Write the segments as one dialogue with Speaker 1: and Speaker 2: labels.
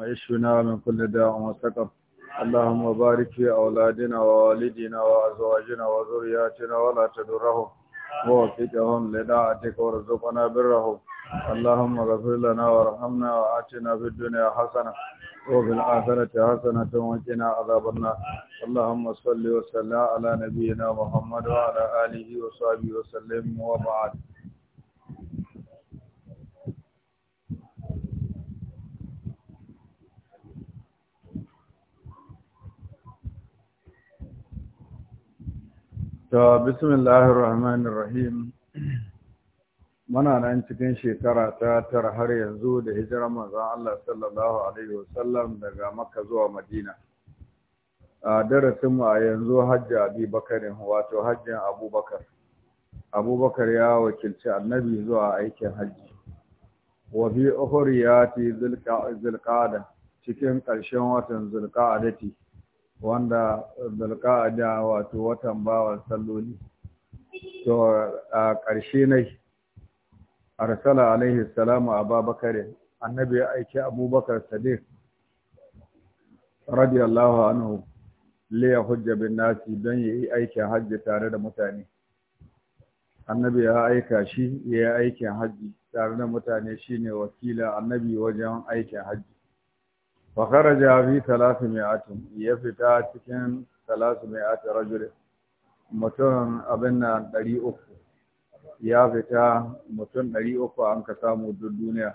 Speaker 1: ويشفنا من كل داء وسقم اللهم بارك في أولادنا ووالدنا وأزواجنا وذرياتنا ولا تدرهم ووفقهم لداعتك وارزقنا برهم اللهم اغفر لنا وارحمنا وآتنا في الدنيا حسنة وفي الآخرة حسنة وقنا عذاب النار اللهم صل وسلم على نبينا محمد وعلى آله وصحبه وسلم وبعد ta bismillahir rahmanir rahim muna nan cikin shekara ta tara har yanzu da hijirar manzon Allah sallallahu alaihi wasallam daga Makka zuwa Madina a darasin mu a yanzu hajji Abi Bakari wato hajjin Abubakar Abubakar ya wakilci Annabi zuwa aikin hajji wa bi ukhriyati zulqa'da cikin ƙarshen watan zulqa'dati wanda zulqa'ada wato watan bawan salloli to a ƙarshe ne arsala alaihi salamu ababakar annabi ya aiki abubakar sadiq radiyallahu anhu ya hujja bin nasi don yi aikin hajji tare da mutane annabi ya aika shi ya yi aikin hajji tare da mutane shine wakila annabi wajen aikin hajji fa kharaja Mai 300 ya fita cikin 300 rajul mutum abin nan 300 ya fita mutum 300 an ka samu duk duniya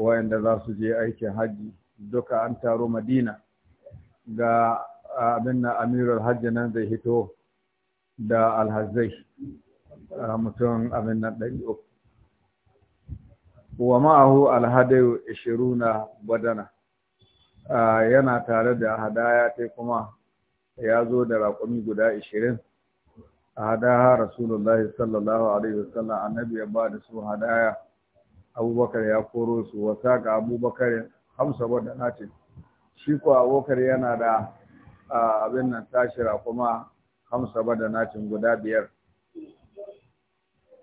Speaker 1: wayanda za su je aikin haji duka an taro madina ga abin nan amirul nan zai hito da alhazai mutum abin nan ɗari uku wa ma'ahu alhadayu ishiruna badana yana tare da hadaya ta kuma ya zo da raƙumi guda ishirin a hadaya rasulullahi sallallahu alaihi wasallam annabi ya ba da su hadaya abubakar ya koro su wasa ga abubakar hamsa wadda ce shi ko abubakar yana da abin nan tashi kuma hamsa wadda ce guda biyar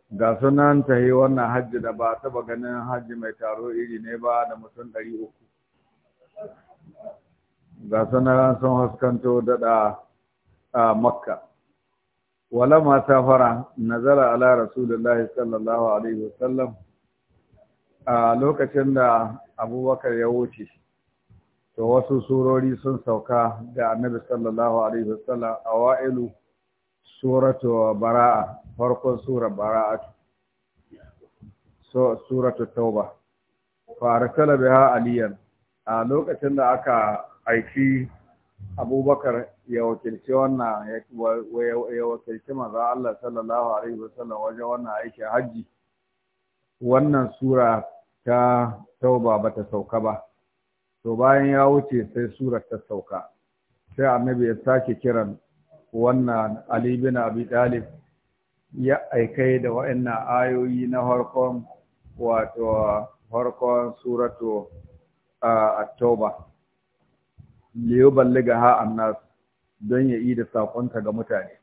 Speaker 1: ga sunan ta yi wannan hajji da ba taba ganin hajji mai taro iri ne ba da mutum ɗari uku ga sanaran sun haskanto daɗa a makka walama safara nazara ala rasulullahi sallallahu alaihi wasallam a lokacin da abubakar ya wuce to wasu surori sun sauka da annabi sallallahu alaihi wasallam a wa'ilu suratu bara'a farkon sura bara'a suratu tauba fa arsala biha aliyan a lokacin da aka aiki abubakar ya wakilci wannan ya wakilci maza Allah sallallahu alaihi wasallam wajen wannan aikin hajji wannan sura ta tauba ba ta sauka ba to bayan ya wuce sai surar ta sauka sai annabi ya sake kiran wannan Ali bin Abi Talib ya aikai da wa'annan ayoyi na harkon wato harkon suratu a tauba liyu balliga ha annas don ya yi da saƙonta ga mutane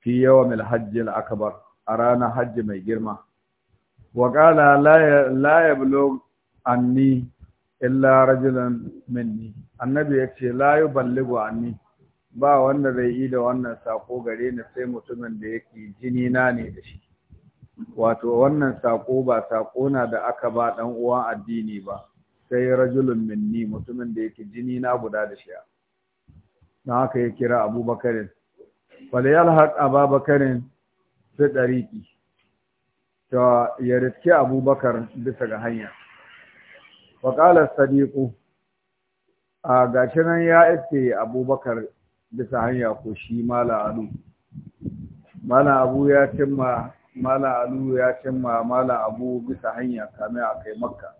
Speaker 1: fi yawa mil hajji akbar a ranar hajji mai girma wa ƙala la bulo anni illa rajulan minni annabi ya ce la balligo anni ba wanda zai yi da wannan saƙo gare ni sai mutumin da yake jini na ne da shi wato wannan saƙo ba saƙo na da aka ba ɗan uwan addini ba sai rajulun minni mutumin da yake jini na guda da shiya Na haka ya kira abubakarin faliyar haƙ abubakarin su ɗariki ta ya riske abubakar bisa ga hanya waƙalar sadiku a gashi nan ya iske abubakar bisa hanya ko shi mala alu mala abu ya cimma mala alu ya cimma mala abu bisa hanya kame a kai makka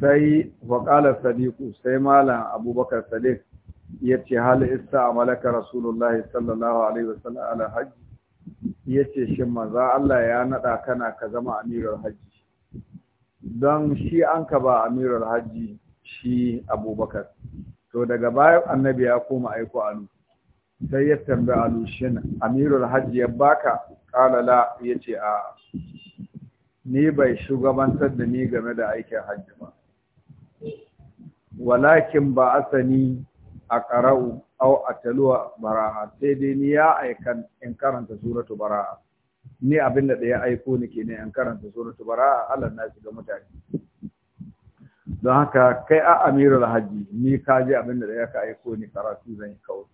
Speaker 1: sai waƙalar sadiku sai malam abubakar sadiq ya ce hali isa a malaka rasulullah sallallahu alaihi wasallam ala hajji ya ce shi maza Allah ya naɗa kana ka zama amirar hajji don shi an ka ba amirar hajji shi abubakar to daga baya annabi ya koma aiko alu sai ya tambi alu shin amirar hajji ya baka ƙalala ya ce a ni bai shugabantar da ni game da aikin hajji ba walakin ba asani a ƙara'u au a taluwa bara'a sai dai ni ya aikan in karanta suratu bara'a ni abin da ya aiko ni ke ne in karanta suratu bara'a Allah na shiga mutane don haka kai a amirul hajji ni ka ji abin da ya ka aiko ni karatu zan yi kawai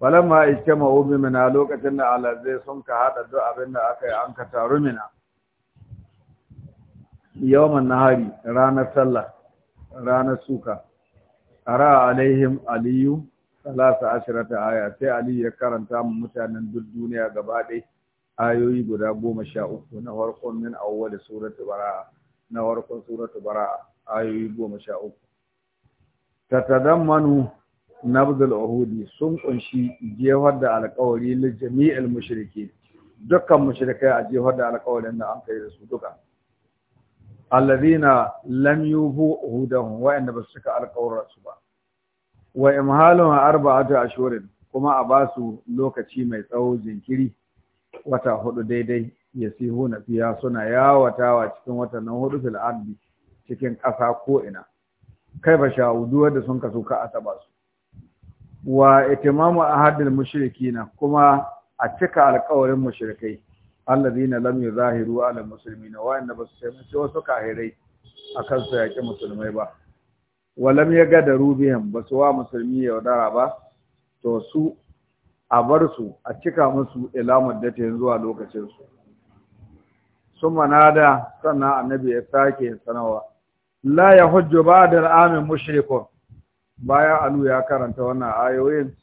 Speaker 1: falamma ma ubi mina lokacin da alazai sun ka hada duk abin da aka yi an ka taru mina yawman nahari ranar sallah ranar suka ara alaihim aliyu talata ashirata aya sai aliyu ya karanta mu mutanen duk duniya gaba ɗai ayoyi guda goma sha uku na farkon min awwal suratu bara'a na farkon suratu bara'a ayoyi goma sha uku na nabdul uhudi sun kunshi jefar da alkawari na jami'il mushrikin dukkan mushrikai a jefar da alƙawarin da an kai da su duka alladhina lam yubu hudahum wa'anda basu cika alƙawarin su ba wa imhalu arba'atu ashurin kuma a basu lokaci mai tsawo jinkiri wata hudu daidai yasihuna fiya suna yawatawa cikin watannin hudu fil ardi cikin ƙasa ko ina kai ba sha'udu da sun kaso ka asaba su wa itimamu ahadil mushrikina kuma a cika alƙawarin mushrikai alladhina lam yuzahiru ala muslimina wa inna basu sai wasu kahirai akan su yaki musulmai ba walam ya gada rubiyan ba su wa musulmi ya yaudara ba to su a bar su a cika musu ilamar da ta zuwa lokacin su sun da sannan annabi ya sake sanawa la ya hujjo ba da amin mushrikun bayan alu ya karanta wannan ayoyin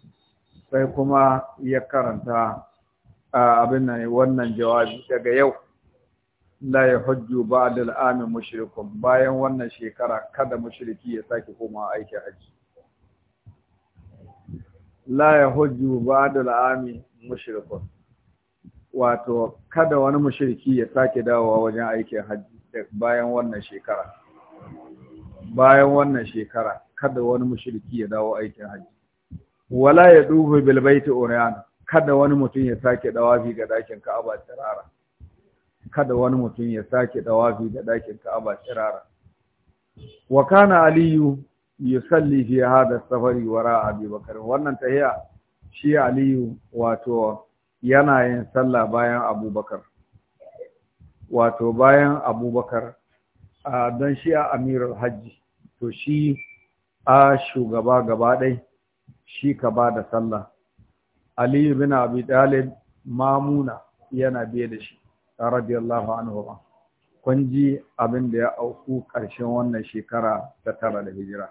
Speaker 1: sai kuma ya karanta abin nan wannan jawabi daga yau la ya hujju ba'da al'ami mushrikum bayan wannan shekara kada mushriki ya sake koma aiki haji la ya hujju ba'da al'ami mushrikum wato kada wani mushriki ya sake dawowa wajen aikin haji bayan wannan shekara bayan wannan shekara kada wani mushriki ya dawo aikin haji wala ya duhu bil baiti uryan kada wani mutum ya sake dawafi ga dakin Ka'aba tsirara kada wani mutum ya sake dawafi ga dakin Ka'aba tsirara wa kana aliyu yusalli fi hada safari wara abi bakar wannan tahiya shi aliyu wato yana yin sallah bayan abubakar wato bayan abubakar don shi a amirul hajji to shi a shugaba gaba ɗai shi ka ba da sallah Ali bin Abi Talib Mamuna yana biye da shi radiyallahu anhu ba kun ji abin da ya auku ƙarshen wannan shekara ta tara da hijira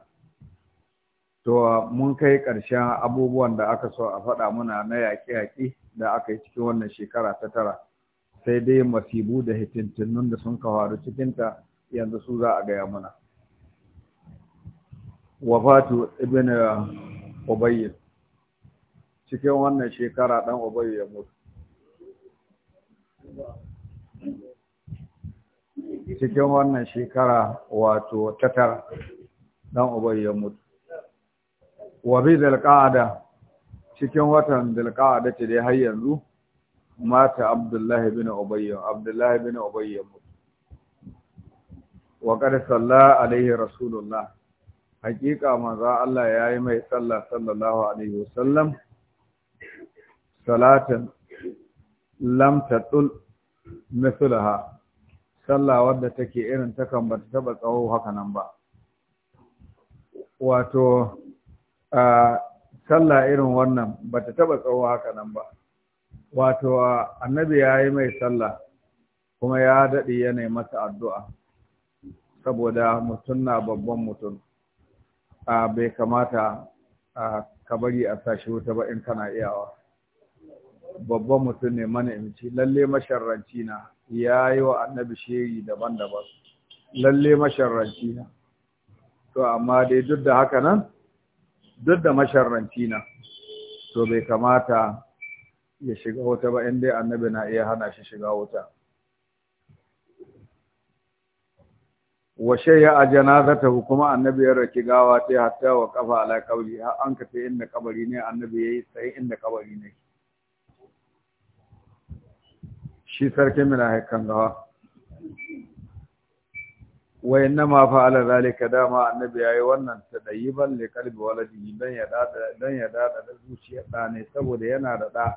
Speaker 1: to mun kai ƙarshen abubuwan da aka so a faɗa muna na yaƙe-yaƙe da aka yi cikin wannan shekara ta tara sai dai masibu da hitintinnun da sun kawaru cikinta yanzu su za a gaya muna wafatu ibn Ubayyid. cikin wannan shekara dan ubayu ya mutu cikin wannan shekara wato tatar tara dan ubayu ya mutu wabi bi cikin watan zalqa'ada ce dai har yanzu mata abdullahi bin ubayyu abdullahi bin ubayyu mutu wa qad salla alaihi rasulullah hakika manzo Allah yayi mai sallah sallallahu alaihi wasallam salatin lam na mislaha sallah wadda take irin ta kan bata taba tsawo haka nan ba wato a sallah irin wannan bata taba tsawo haka nan ba wato annabi ya yi mai sallah kuma ya daɗe yana masa addu'a saboda mutum na babban mutum a bai kamata a kabari a sashi wuta ba in kana iyawa babban mutum ne mana imci lalle masharranci na ya yi wa annabi shiri daban-daban lalle masharranci na to amma dai duk da haka nan duk da masharranci na to bai kamata ya shiga wuta ba inda annabi na iya hana shi shiga wuta washe ya a janazata kuma annabi ya raki gawa ta hatta wa kafa ala kabri har an ka inda kabari ne annabi ya yi sai inda kabari ne shi sarkin munafikan gawa wa ma ala zalika dama annabi yayi wannan tadayiban li kalbi waladi dan ya dada dan ya dada da zuciyar da ne saboda yana da da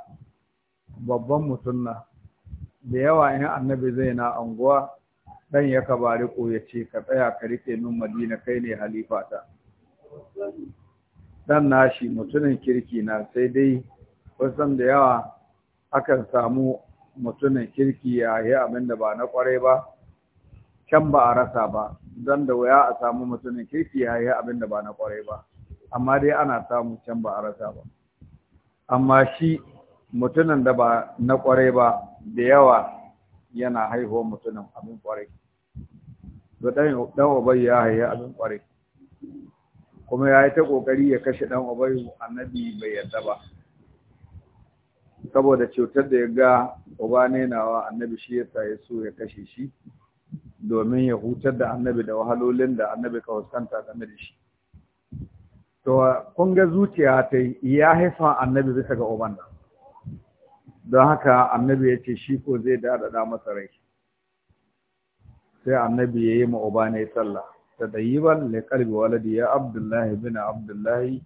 Speaker 1: babban mutum da yawa in annabi zai na anguwa dan ya kabari ko ya ce ka tsaya ka rike min madina kai ne halifa ta dan nashi mutumin kirki na sai dai wasan da yawa akan samu mutumin kirki ya yi abin da ba na kwarai ba can ba a rasa ba don da wuya a samu mutumin kirki ya yi abin da ba na kwarai ba amma dai ana samu can ba a rasa ba amma shi mutumin da ba na kwarai ba da yawa yana haihuwa mutumin abin kwarai da ɗan ubai ya haihi abin kwarai kuma ya yi ta ƙoƙari ya kashe ɗan ubai annabi bai yarda ba saboda cutar da ya ga uba nawa annabi shi ya sa ya so ya kashe shi domin ya hutar da annabi da wahalolin da annabi ka fuskanta game da shi to kun ga zuciya ta ya haifa annabi bisa ga uban da don haka annabi ya ce shi ko zai daɗaɗa masa rai sai annabi ya yi ma uba ne sallah ta dayiban le kalbi waladi ya abdullahi bin abdullahi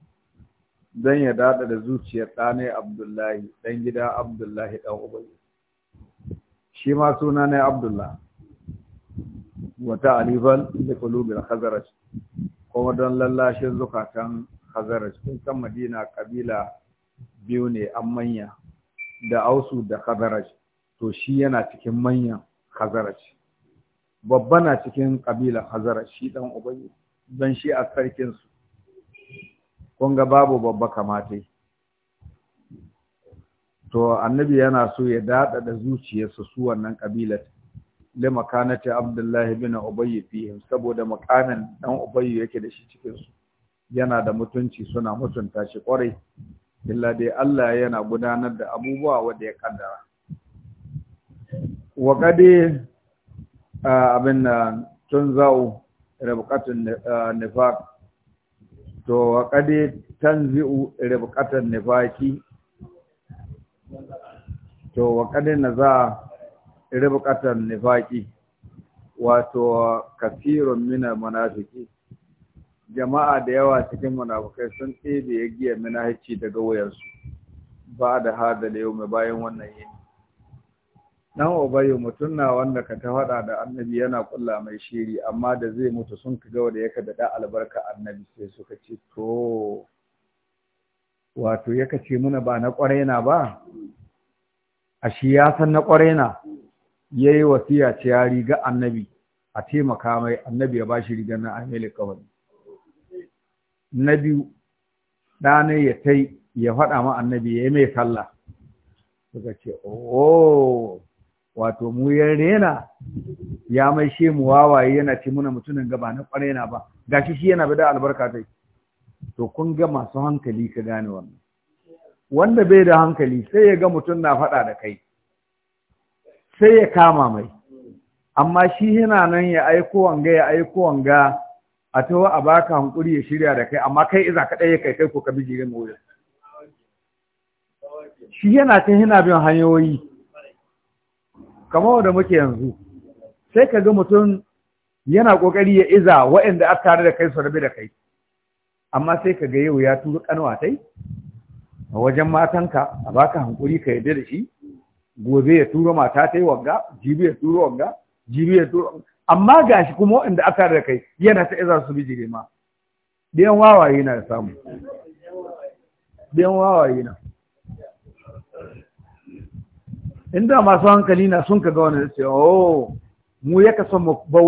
Speaker 1: don ya dada da zuciyar ɗanai abdullahi ɗan gida abdullahi ɗan ubai shi ma suna ne abdullah wata alifan da kulubin hazaraj kuma don lallashin zukatan hazaraj kun san madina kabila biyu ne an manya da ausu da hazaraj to shi yana cikin manyan khazaraj babba na cikin kabila hazaraj shi ɗan ubai don shi a sarkinsu kun ga babu babba kamata to annabi yana so ya daɗa da zuciyarsa su wannan ƙabilar lima kanata abdullahi bin ubayy fihim saboda makanan dan ubayy yake da shi cikinsu, yana da mutunci suna mutunta shi kwarai illa dai Allah yana gudanar da abubuwa wanda ya kaddara wa kade abin tun zau rabqatun nifaq to wa kade tanzi'u ribqatan nifaki to wa kade naza ribqatan nifaki wato kafirun minal munafiki jama'a da yawa cikin munafukai sun ɗebe ya giya munafici daga wayarsu ba da hada da yau mai bayan wannan yin. dan ubayu mutum na wanda ka ta faɗa da annabi yana kulla mai shiri amma da zai mutu sun ka gawa da yaka da albarka annabi sai suka ce to wato yaka ce muna ba na ƙwarai na ba a shi ya san na ƙwarai na yayi wasiya ce ya riga annabi a taimaka mai annabi ya bashi rigar na amelik kawai na biyu ɗanai ya tai ya faɗa ma annabi ya yi mai sallah suka ce oh wato mu ya rena ya mai shi mu wawaye yana ce muna mutumin gaba na kwarai na ba gashi shi yana bada albarka dai to kun ga masu hankali ka gane wannan wanda bai da hankali sai ya ga mutum na faɗa da kai sai ya kama mai amma shi yana nan ya aiko wanga ya aiko wanga a tawa a baka hankuri ya shirya da kai amma kai iza kaɗai ya kai kai ko ka bijirin wurin shi yana ta yana bin hanyoyi kamar wanda muke yanzu sai ka ga mutum yana kokari ya iza waɗanda aka tare da kai su rabe da kai amma sai ka ga yau ya turu kanwa tai a wajen matanka a baka hankuri ka yadda da shi gobe ya turo mata tai wagga jibi ya turo wagga jibi ya turo amma gashi kuma waɗanda aka tare da kai yana ta iza su bijire ma biyan wawaye na da samu biyan wawaye na inda masu hankali na sun ga wani cewa oh mu yaka son mu ba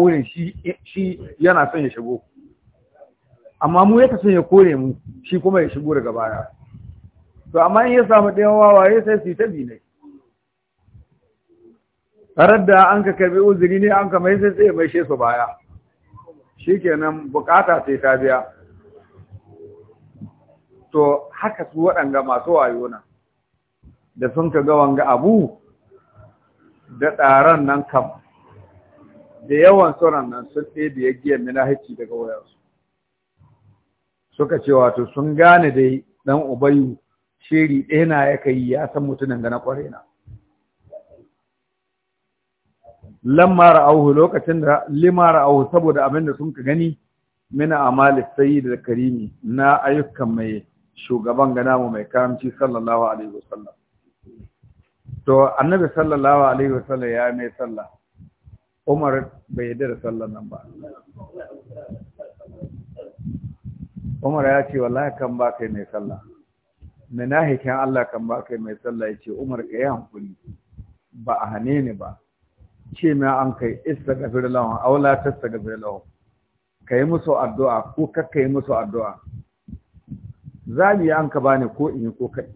Speaker 1: shi yana son ya shigo amma mu yaka son ya kore mu shi kuma ya shigo daga baya to amma in ya samu ɗayan wawaye sai su yi tabi ne tare da an ka karɓi uzuri ne an ka mai sai sai mai su baya shi shikenan bukata sai ta biya to haka su waɗanga masu wayo na da sun ka ga wanga abu da ɗaran nan kam da yawan sauran nan sun ɗebe giyar minahici daga wayarsu suka ce wato sun gane dai ɗan ubayu shiri ɗaya na ya kai ya san mutumin ga na ƙware na lamara auhu lokacin da limara auhu saboda abin da sun ka gani mina amali sayi da karimi na ayyukan mai shugaban gana mu mai karamci sallallahu alaihi wasallam to annabi sallallahu alaihi wasallam ya mai sallah Umar bai yarda da sallar nan ba Umar ya ce wallahi kan ba kai mai sallah munahikin Allah kan ba kai mai sallah ce Umar ka yi hankuli ba a hane ni ba ce mai an kai istaghfir lahum aw la tastaghfir Ka kai musu addu'a ko kakka yi musu addu'a zabi an ka bani ko in ko kai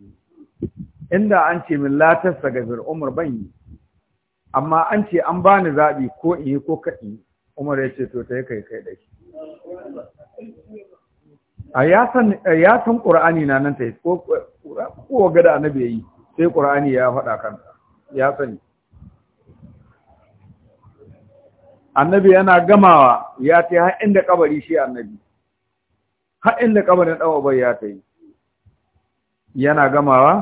Speaker 1: inda an ce min latarsa tastagfir Umar ban yi amma an ce an bani zaɓi ko in yi ko kaɗi Umar ya ce to ta yi kai kai shi. a ya san ƙura'ani na nan ta yi ko ko ga da annabi yi sai ƙura'ani ya faɗa kan ya sani annabi yana gamawa ya ce har inda kabari shi annabi har inda kabarin dawo bai ya ta yi yana gamawa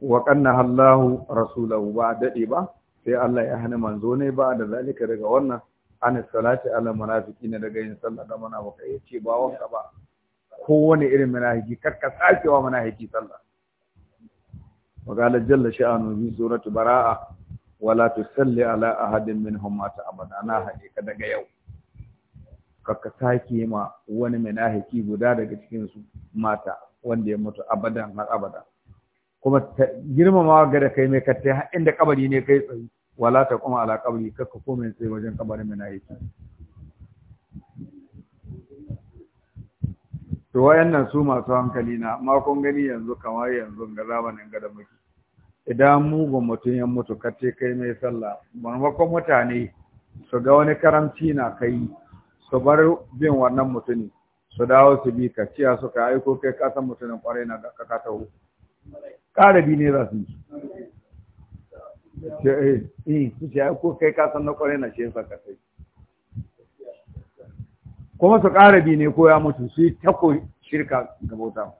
Speaker 1: wa qannaha Allahu rasulahu ba daɗe ba sai Allah ya hana manzo ne ba da zalika daga wannan an salati ala munafiqina daga yin sallah da munafiqai yace ba wanka ba Ko wani irin munafiki karka sakewa munafiki sallah وقال جل شأنه bara'a wala براءة ولا تصلي على أحد منهم مات abada. Na هيك daga yau kaka sake ma wani munafiki guda daga cikin su mata wanda ya mutu abadan har abada kuma girmamawa ga da kai mai kattai har inda kabari ne kai tsayi wala ta kuma ala kabari kakka komai tsaye wajen kabarin mai naiki to wayannan su masu hankali na ma kun gani yanzu kamar yanzu ga zamanin gada muke idan mugun mutum ya mutu kace kai mai sallah maimakon mutane su ga wani karamci na kai su bar bin wannan mutumin su dawo su bi ka ciya suka aiko kai kasan mutumin kwarai na da ka taho ƙarabi ne za su yi eh, eh, su ce kasan na kwarai na kuma su karabi ne ko ya mutu su yi tako shirka ga bauta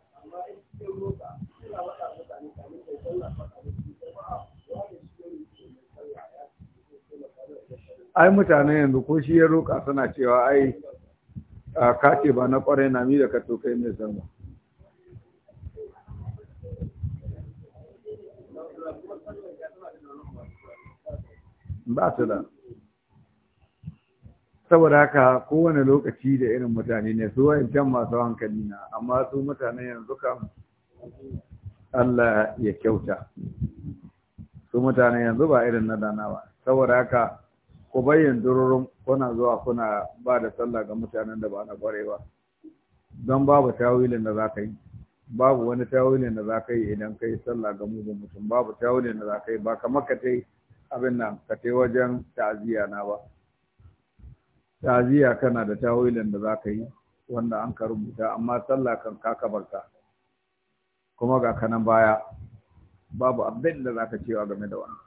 Speaker 1: ai mutane yanzu ko shi ya suna cewa ai ba na kwarai na mi da ka ba su da saboda haka kowane lokaci da irin mutane ne su wayancan masu hankali na amma su mutane yanzu kam Allah ya kyauta su mutane yanzu ba irin na dana ba saboda haka ku bayyan dururun kuna zuwa kuna ba da sallah ga mutanen da ba na kware ba don babu tawilin da za ka yi babu wani tawilin da za ka yi idan ka yi sallah ga mugun mutum babu tawilin da za ka yi ba kamar ka ta yi abin nan ka tai wajen ta'aziyya na ba ta'aziyya kana da tawilin da za ka yi wanda an ka rubuta amma sallah kan ka kabarta kuma ga kanan baya babu abin da za ka cewa game da wannan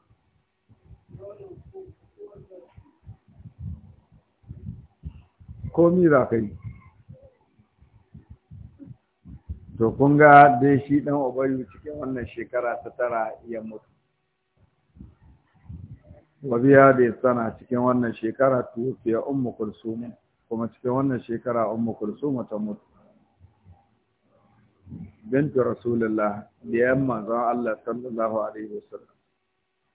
Speaker 1: komi za ka yi to kun ga dai shi dan ubayu cikin wannan shekara ta tara ya mutu wa biya da sana cikin wannan shekara tufiya ummu kulsum kuma cikin wannan shekara ummu kulsum ta mutu bintu rasulullah da yamma zan Allah sallallahu alaihi wasallam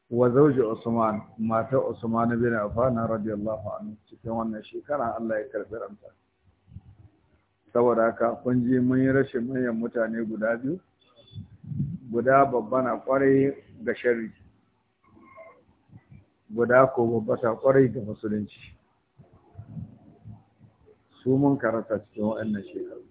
Speaker 1: wa zauji usman mata usman bin affan radiyallahu anhu cikin wannan shekara Allah ya karbi ranta saboda haka kun ji mun yi rashin manyan mutane guda biyu guda babban na kwarai ga sharri guda ko babbata kwarai da musulunci su mun karanta cikin waɗannan shekaru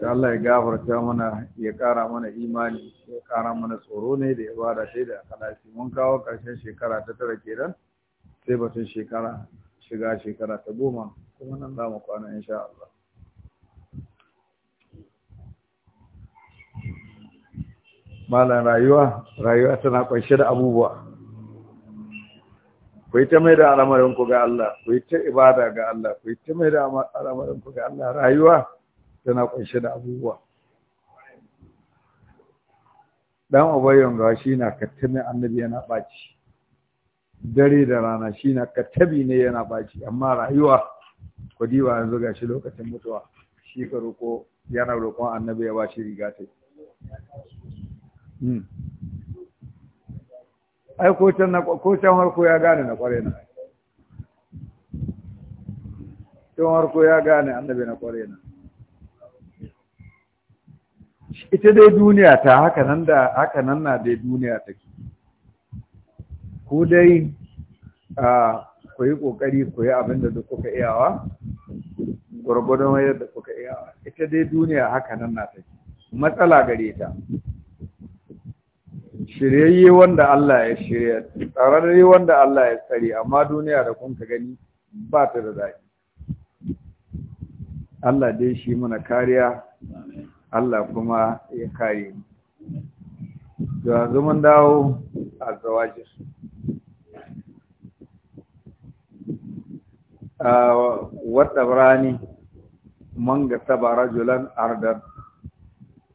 Speaker 1: da Allah ya gafarta mana ya ƙara mana imani ya ƙara mana tsoro ne da ibada sai da akalafi mun kawo ƙarshen shekara ta tara kenan sai batun shekara shiga shekara ta goma kuma nan za mu kwana insha Allah malam rayuwa rayuwa tana ƙunshe da abubuwa ku yi ta mai da al'amarin ku ga Allah ku yi ta ibada ga Allah ku yi ta mai da al'amarin ku ga Allah rayuwa tana kunshe da abubuwa dan ubayyan ga shi na kattabi annabi yana baci dare da rana shi na kattabi ne yana baci amma rayuwa ku diwa yanzu ga shi lokacin mutuwa shi ka roko yana roƙon annabi ya ba shi riga ta hmm. ai ko can na ko can harko ya gane na kware na can harko ya gane annabi na kware na ita dai duniya ta haka nan da haka nan na dai duniya take ku dai a ku yi kokari ku yi abin da duk kuka iyawa gwargwadon da kuka iyawa ita dai duniya haka nan na take matsala gare ta shiryayye wanda Allah ya shirya tsararre wanda Allah ya tsari, amma duniya da kun ka gani ba ta da zaki Allah dai shi mana kariya Allah kuma ya kare mu yanzu mun dawo a zawajir wata rani, man ga tabarajulan ardar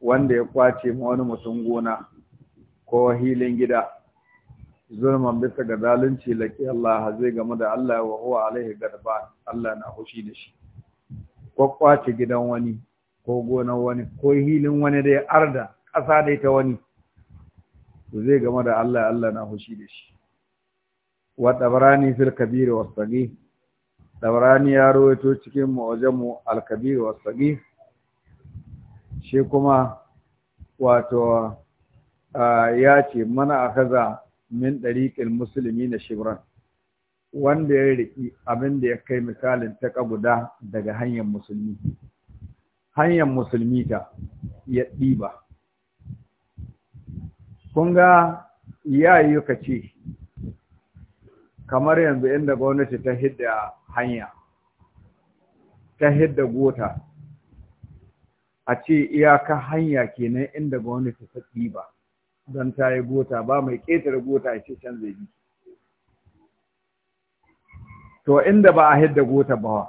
Speaker 1: wanda ya kwace ma wani mutum gona ko wahilin gida zulman bisa ga zalunci laƙi Allah zai game da Allah wa huwa alaihi Garba Allah na hushi da shi kwakwace gidan wani ko gonar wani ko hilin wani dai arda ƙasa dai ta wani zai game da Allah Allah na hushi da shi wa tabrani fil kabir was sagir tabrani ya rawaito cikin mu'ajamu al kabir was sagir shi kuma wato ya ce mana a kaza min Musulmi na shibran wanda ya riƙi abin da ya kai misalin ta guda daga hanyar musulmi hanyar musulmi ta ya ɗiba kun ga yayi ka ce kamar yanzu inda gwamnati ta hidda hanya ta hidda gota a ce iyaka hanya kenan inda gwamnati ta ɗiba don ta yi gota ba mai ƙetare gota ce can zai to inda ba a hidda gota ba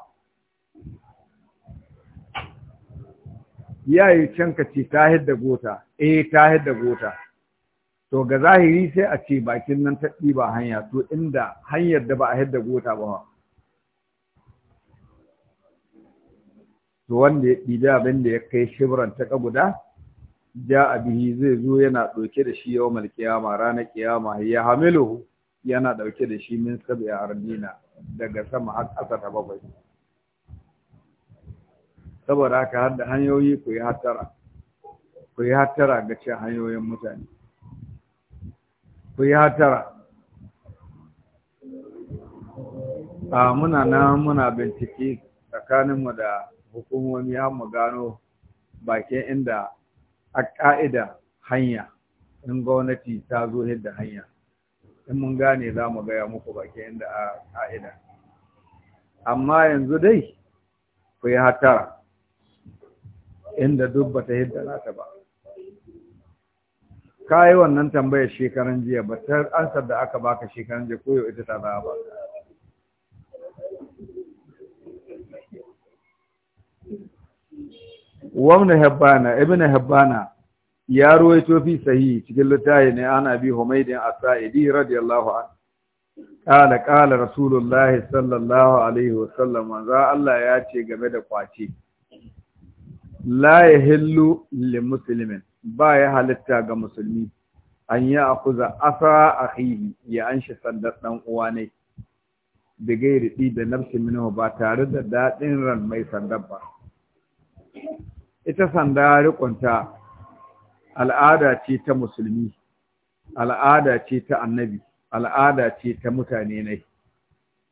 Speaker 1: ya yi can ka ce ta hidda gota eh ta hidda gota to ga zahiri sai a ce bakin nan ta ba hanya to inda hanyar da ba a hidda gota ba to wanda ya da abin da ya kai shibran ta guda ja'a bihi zai zo yana ɗauke da shi yawmal qiyama ranar qiyama ya hamiluhu yana ɗauke da shi min sab'i ardina daga sama har ƙasa ta bakwai saboda haka har da hanyoyi ku yi hattara ku yi hattara ga cin hanyoyin mutane ku yi hattara a muna na muna bincike tsakaninmu da hukumomi har mu gano bakin inda a ƙa'ida hanya in gwamnati ta zo yadda hanya in mun gane za mu gaya muku baki inda a ƙa'ida amma yanzu dai ku yi hatara inda duk ba ta yadda za ta ba ka yi wannan tambayar shekaran jiya ba ta ansar da aka baka shekaran jiya yau ita ta za ba wamna habbana ibn habbana ya ruwaito fi sahihi cikin littafi ne ana bi humaydin as-sa'idi radiyallahu anhu qala qala rasulullahi sallallahu alaihi sallam za Allah ya ce game da kwace la yahillu lil muslimin ba ya halitta ga musulmi an yi akuza asa akhihi ya anshi sandar dan uwa ne da gairi da nafsi ba tare da dadin ran mai sandar ba ita sanda rikonta al'ada ce ta musulmi al'ada ce ta annabi al'ada ce ta mutane ne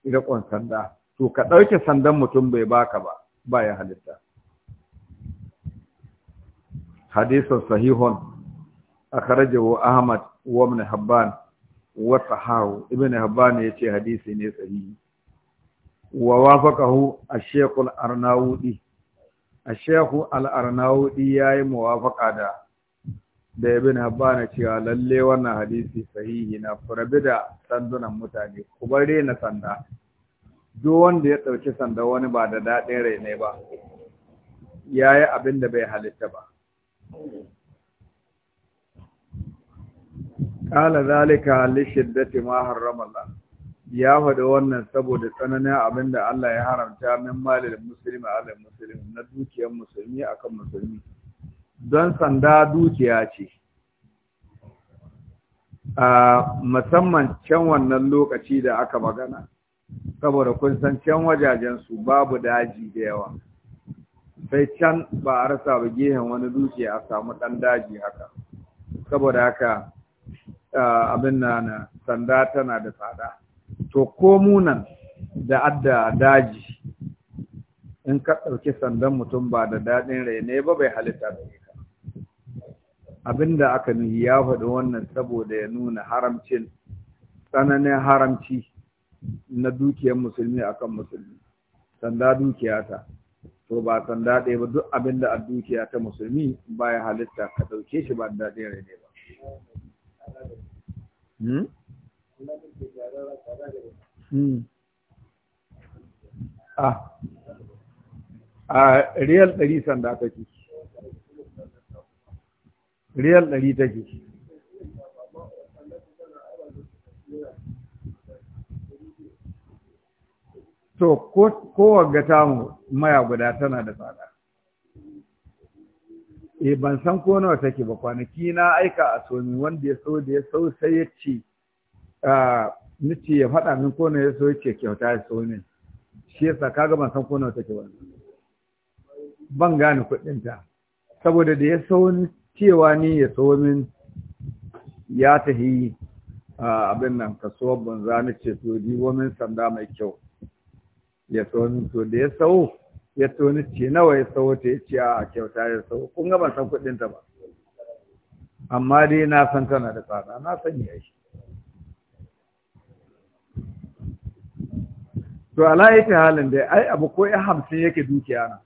Speaker 1: rikon sanda to ka ɗauke sandan mutum bai baka ba ba ya halitta hadisun sahihun akhrajahu ahmad wa habban wa sahahu ibn habban ce hadisi ne sahihi wa wafakahu a shekul arnaudi a shehu al'arnaudi ya yi muwafaka da da ibn habbana cewa lalle wannan hadisi sahihi na furabi da sandunan mutane ku bare na sanda duk wanda ya ɗauki sanda wani ba da daɗin rai ne ba ya yi abin da bai halitta ba ƙala zalika lishiddati ma harrama Allah ya faɗi wannan saboda tsananin abin da Allah ya haramta min malin musulmi alal musulmi na dukiyar musulmi akan musulmi don sanda dukiya ce a musamman can wannan lokaci da aka magana saboda kun san can wajajen su babu daji da yawa sai can ba a rasa ba gehen wani dukiya a samu ɗan daji haka saboda haka abin na sanda tana da tsada to ko munan da adda daji in ka ɗauki sandan mutum ba da daɗin rai ne ba bai halitta da ka abinda aka nuhi ya faɗi wannan saboda ya nuna haramcin tsananin haramci na dukiyar musulmi akan musulmi sanda dukiya ta to ba sanda ɗaya ba duk abinda a dukiya ta musulmi ba halitta ka ɗauke shi ba da daɗin rai ne ba hmm? Hmm. Ah. a riyal ɗari sanda take riyal ɗari take to kowaga tamu maya guda tana da tsada e ban san ko nawa take ba kwanaki na aika a somi wanda ya so da ya so sai ya ce nace ya faɗa min ko ne ya so yake kyauta ya so ne shi yasa kaga ban san ko nawa take ba ban gane kuɗin ta saboda da ya so ni cewa ni ya so min ya tahi abin nan ban banza na ce to dibo min sanda mai kyau ya so ni to da ya so ya so ni ce nawa ya so ta ya ce a kyauta ya so kun ga ban san kuɗin ta ba amma dai na san tana da tsada na san ya yi. to ala yake halin dai, ai abu ko ya hamsin yake dukiya na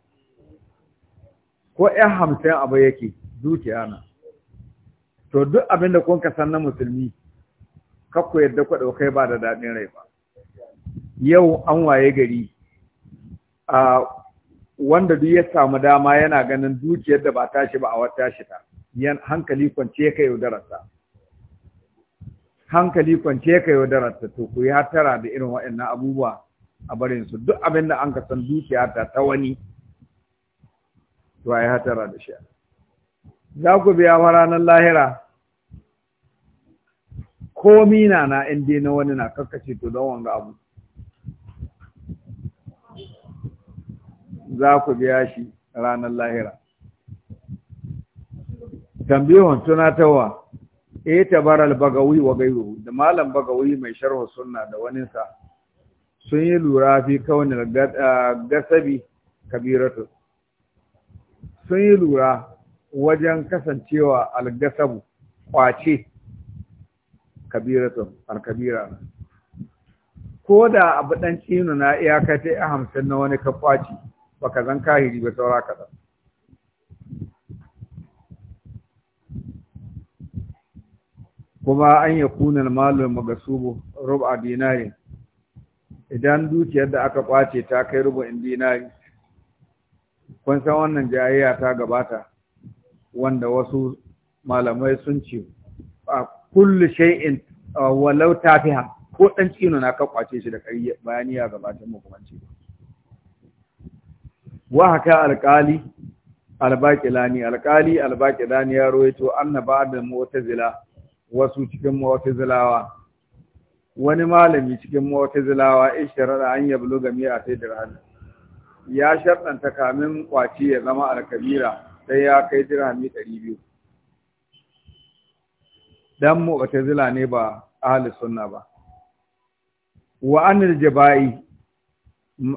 Speaker 1: ko ya hamsin abu yake dukiya na to duk abin da kun san na musulmi kakku yadda ku ɗaukai ba da daɗin rai ba yau an waye gari a wanda duk ya samu dama yana ganin dukiyar da ba tashi ba a wata shi ta yan hankali kwance ka yaudararsa hankali kwance ka yaudararsa to ku ya tara da irin waɗannan abubuwa a barin su duk abin da an ka san dukiya ta ta wani to ai hatara da shi za ku biya wa ranar lahira komi na na in dai na wani na kakkace to don wanga abu za ku biya shi ranar lahira tambihon tunatarwa eh tabaral bagawi wa gairu da malam bagawi mai sharhu sunna da waninsa sun yi lura fi kaunar gasabi kabiratu sun yi lura wajen kasancewa algasabu kwace Kabiratu alkabira ko da abu ɗan cinu na iyaka ta a hamsin na wani kwaci zan kahiri ba saura kaɗan kuma an yi kunan malu magasubu rub'a a dinarin idan dukiyar da aka kwace ta kai rubu'in dinari kun san wannan jayayya ta gabata wanda wasu malamai sun ce a kullu shay'in walau tafiha ko dan cino na ka kwace shi da kari bayani ya gabatar mu kuma ce wa haka alqali albaqilani alqali albaqilani ya ruwaito anna ba'da mu'tazila wasu cikin mu'tazilawa wani malami cikin mu'tazilawa in sharada an ya gami a sai dirham ya shaɗanta kamin kwaci ya zama alkabira sai ya kai ɗari biyu. dan mu'tazila ne ba ahli sunna ba wa anil jaba'i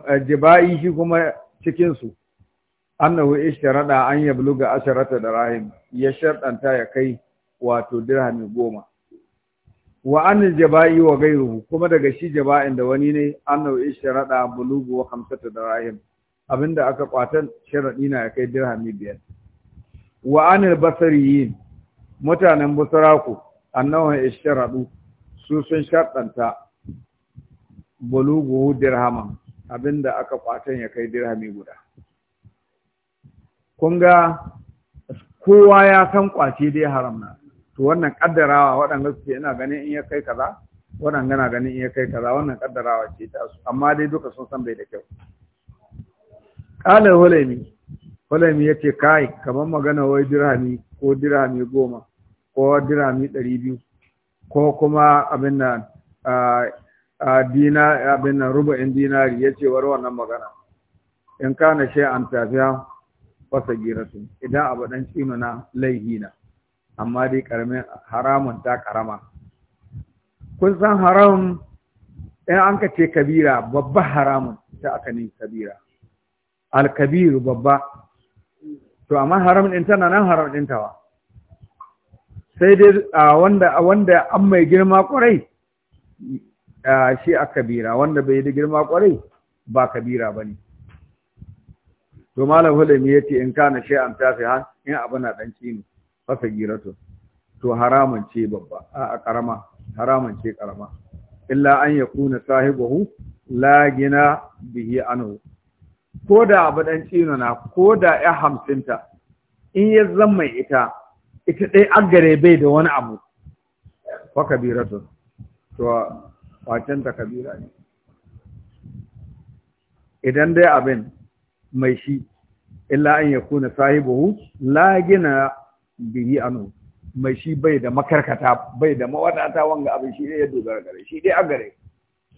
Speaker 1: eh, jaba'i shi kuma cikin su annahu ishtarada an yabluga asharata darahim ya shartanta ya kai wato dirhami goma wa an jaba'i wa gairuhu kuma daga shi jaba'in da wani ne an nau'i sharada bulugu wa da dirahim abinda aka kwatan sharadi na ya kai dirhami biyar wa an basariyin mutanen basaraku annahu isharadu su sun shartanta bulugu dirhaman abinda aka kwatan ya kai dirhami guda kun ga kowa ya san kwace dai haram na to wannan kaddarawa waɗanda suke ina ganin in ya kai kaza waɗanda na ganin in ya kai kaza wannan kaddarawa ce ta su amma dai duka sun san bai da kyau kalar hulami hulami ya ce kai kamar magana wai dirhami ko dirhami goma ko dirhami ɗari biyu ko kuma abin nan dina abin nan rubu'in dinari ya ce war wannan magana in kana shi an tafiya fasa giratu idan abu na laifi laihina amma dai karamin haramun ta karama kun san haram in an ka ce kabira babba haramun ta aka ne kabira alkabiru babba to amma haram din tana nan haram din tawa sai dai wanda wanda an mai girma kwarai shi a kabira wanda bai da girma kwarai ba kabira bane to malam hulami yace in kana shay'an ha? in abu na dan ne giratun to haramun ce babba a karama haramun ce karama illa an kuna sahibahu la gina bihi anhu ko da abu dan cino na ko da ya hamsinta in ya zama ita ita dai agare bai da wani abu fa kabiratu to wacen ta kabira ne idan dai abin mai shi illa an kuna sahibahu la gina biyi anu mai shi bai da makarkata bai da mawadata wanga abin shi ya dogara gare shi dai a gare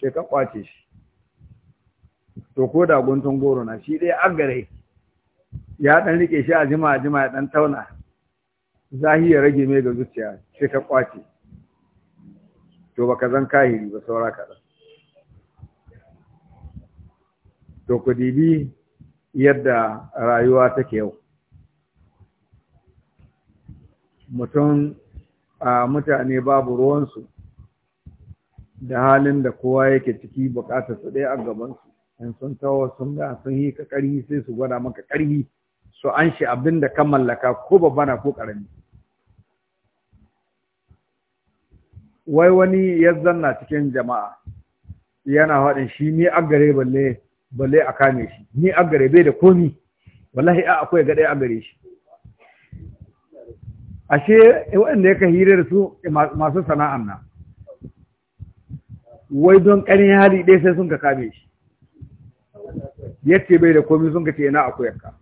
Speaker 1: sai ka kwace shi to ko da guntun goro na shi dai a gare ya dan rike shi a jima a jima ya dan tauna zahi ya rage mai ga zuciya sai ka kwace to baka zan kahiri ba saura ka da to ku dibi yadda rayuwa take yau mutum a mutane babu ruwansu da halin da kowa yake ciki bukatar su ɗaya a gabansu in sun tawo sun ga sun yi ka ƙarfi sai su gwada maka ƙarfi su an shi abin da ka mallaka ko na ko ƙarami wai wani ya zanna cikin jama'a yana faɗin shi ni agare balle balle a kame shi ni agare bai da komi wallahi a akwai ga ɗaya agare shi ashe waɗanda yaka hirar su masu sana'an nan wai don ƙarin hali ɗaya sai sun ka kame shi yace bai da komi sun ka ce yana akwai aka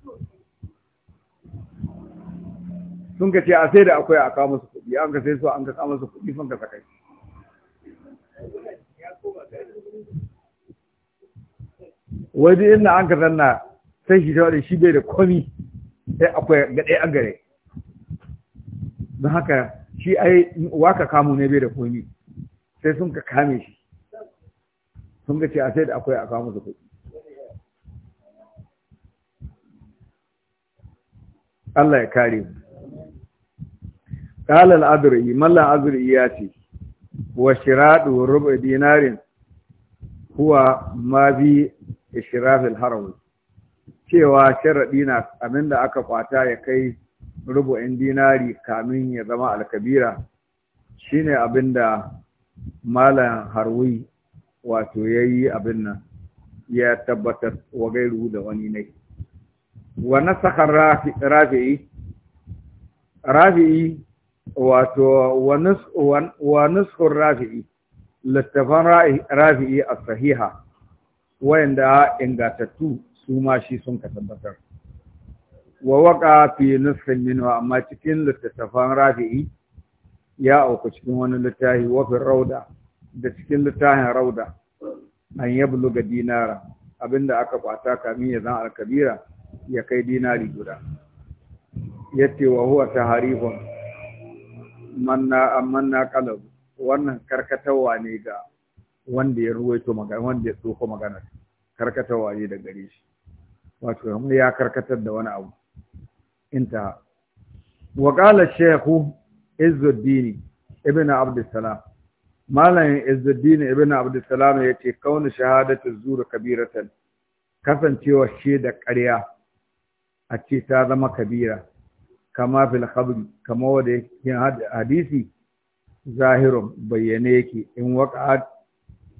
Speaker 1: sun ka ce a sai da akwai a kama musu kuɗi an ka sai su an ka kama su kuɗi sun ka sakai wai duk inda an ka zanna sai shi ta waɗanda shi bai da komi sai akwai ga ɗaya an gare don haka shi ai waka kamo ne bai da komi sai sun ka kame shi sun ga ce a sai da akwai a kamo da kuɗi Allah ya kare mu qala al-adri malla azri ya ce wa shiradu rubu dinarin huwa ma bi ishraf al-haram cewa sharadi na abinda aka kwata ya kai rubu'in dinari kamin ya zama alkabira shine abinda malam harwi wato yayi abin nan ya tabbatar wa gairu da wani ne wa nasakha rafi'i rafi'i wato wa nuskun rafi'i littafan rafi'i a sahiha wayanda ingatattu su ma shi sun ka tabbatar wa waka fi nusfin minhu amma cikin littattafan rafi'i ya auku cikin wani littahi wafin rauda da cikin littafin rauda an ya buluga dinara abinda aka kwata kamin ya zan alkabira ya kai dinari guda yace wa huwa ta harifon manna na kalab wannan karkatawa ne ga wanda ya ruwaito magana wanda ya tsoko magana karkatawa ne da gare shi wato ya karkatar da wani abu inta wa qala shaykhu izzuddin ibn abd salam malamin izzuddin ibn abd salam yace kaunu shahadatu zura kabiratan kasancewa da ƙarya a ce ta zama kabira kama fil khabri kama wanda yake hadisi zahirun bayyane yake in waqa'at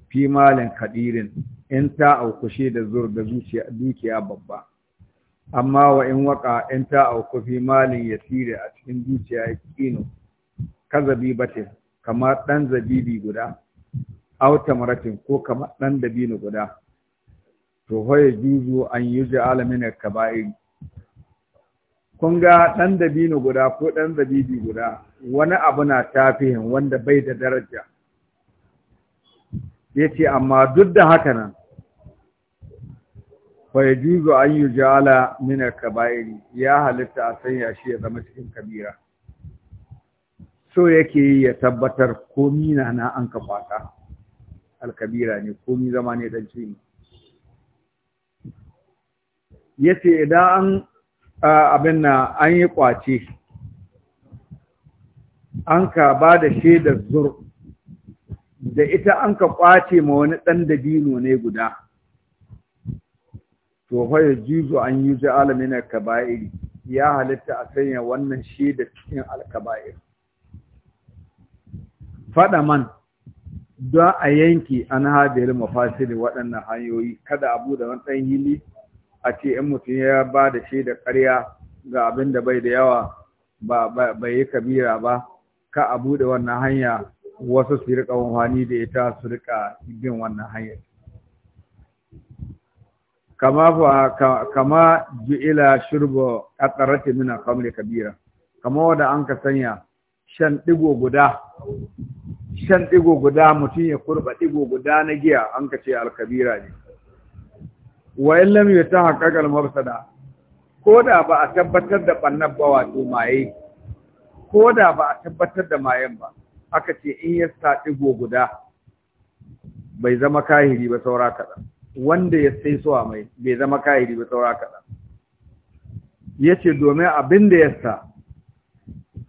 Speaker 1: fi malin kadirin in ta aukushe da zur da zuciya dukiya babba amma wa in waka in ta auku fi malin yasiri a cikin dukiya kino kaza batin kamar dan zabibi guda auta maratin ko kamar dan dabino guda to hoye juzu an yi yuji alamin kaba'iri kun ga ɗan dabino guda ko ɗan zabibi guda wani abu na tafihin wanda bai da daraja yace amma duk da haka nan fa yajuzu an yujala min kabairi ya halitta a sanya shi ya zama cikin kabira so yake yi ya tabbatar komi na na an al ne komi zama ne dan Ya yace idan an abin na an yi kwace an ka ba da shaidar zur da ita an ka kwace ma wani dan dabino ne guda to fa ya juzu an yi ji alamin kaba'iri ya halitta a sanya wannan shi da cikin alkaba'ir Faɗa man don a yanki an hadari mafasiri waɗannan hanyoyi kada abu da wani ɗan hili a ce in mutum ya ba da shi da ƙarya ga abin da bai da yawa bai yi kabira ba ka abu da wannan hanya wasu su riƙa wani da ita su riƙa bin wannan hanyar kama fa kama ju'ila shurbu qatrati min al-khamri kabira kama wanda an ka sanya shan digo guda shan digo guda mutum ya kurba digo guda na giya an ka ce al-kabira ne wa in lam yatahaqqaq al mursada ko da ba a tabbatar da bannan ba wato maye ko da ba a tabbatar da mayen ba aka ce in ya sa digo guda bai zama kahiri ba saura kaɗan wanda ya sai suwa mai bai zama kayiri ba saura kaɗan ya ce domin abin da ya sa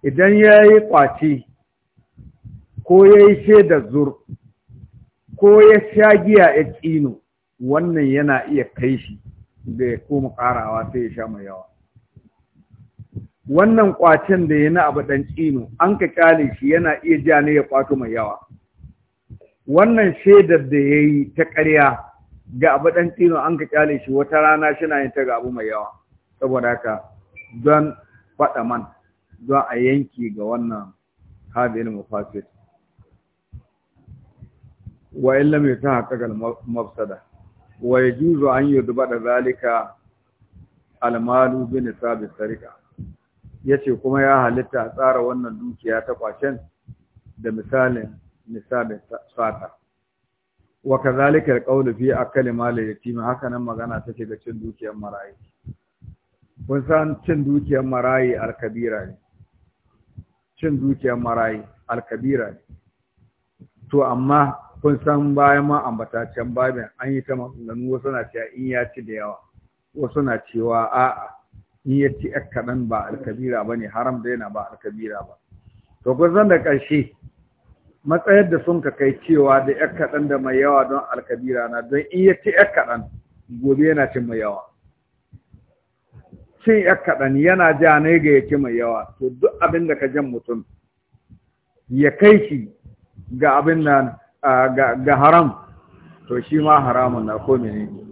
Speaker 1: idan ya yi ƙwaci ko ya yi da zur ko ya sha giya ya ƙino wannan yana iya kai shi da ya koma ƙarawa sai ya sha mai yawa wannan ƙwacen da ya na abu ɗan ƙino an ka ƙyale shi yana iya ja ne ya ƙwato mai yawa wannan shaidar da ya yi ta ƙarya ga abu ɗan tino an ka ƙyale shi wata rana shi na yin ta ga abu mai yawa saboda haka don faɗa man don a yanki ga wannan haɗin mufasid wa illa mai ta haƙaƙa mafsada wa ya juzo an yi duba da zalika almalu bin sabis sarika ya ce kuma ya halitta a tsara wannan dukiya ta kwashen da misalin nisabin sata wa kazalika alqawlu fi akali mal yatim haka nan magana take da cin dukiyar marayi kun san cin dukiyar marayi alkabira ne cin dukiyar marayi alkabira ne to amma kun san bayan ma ambata babin an yi ta maganganu wasu na cewa in ya ci da yawa wasu na cewa a'a in ya ci kaɗan ba alkabira ba ne haram da yana ba alkabira ba to kun san da ƙarshe matsayar da sun ka kai cewa da yar kaɗan da mai yawa don alkabira na don in ya ci yar kaɗan gobe yana cin mai yawa. Cin yar kaɗan yana ja ne ga ya ci mai yawa, to duk abin da ka jan mutum ya kai shi ga abin ga haram, to shi ma haramun na ko mene ne.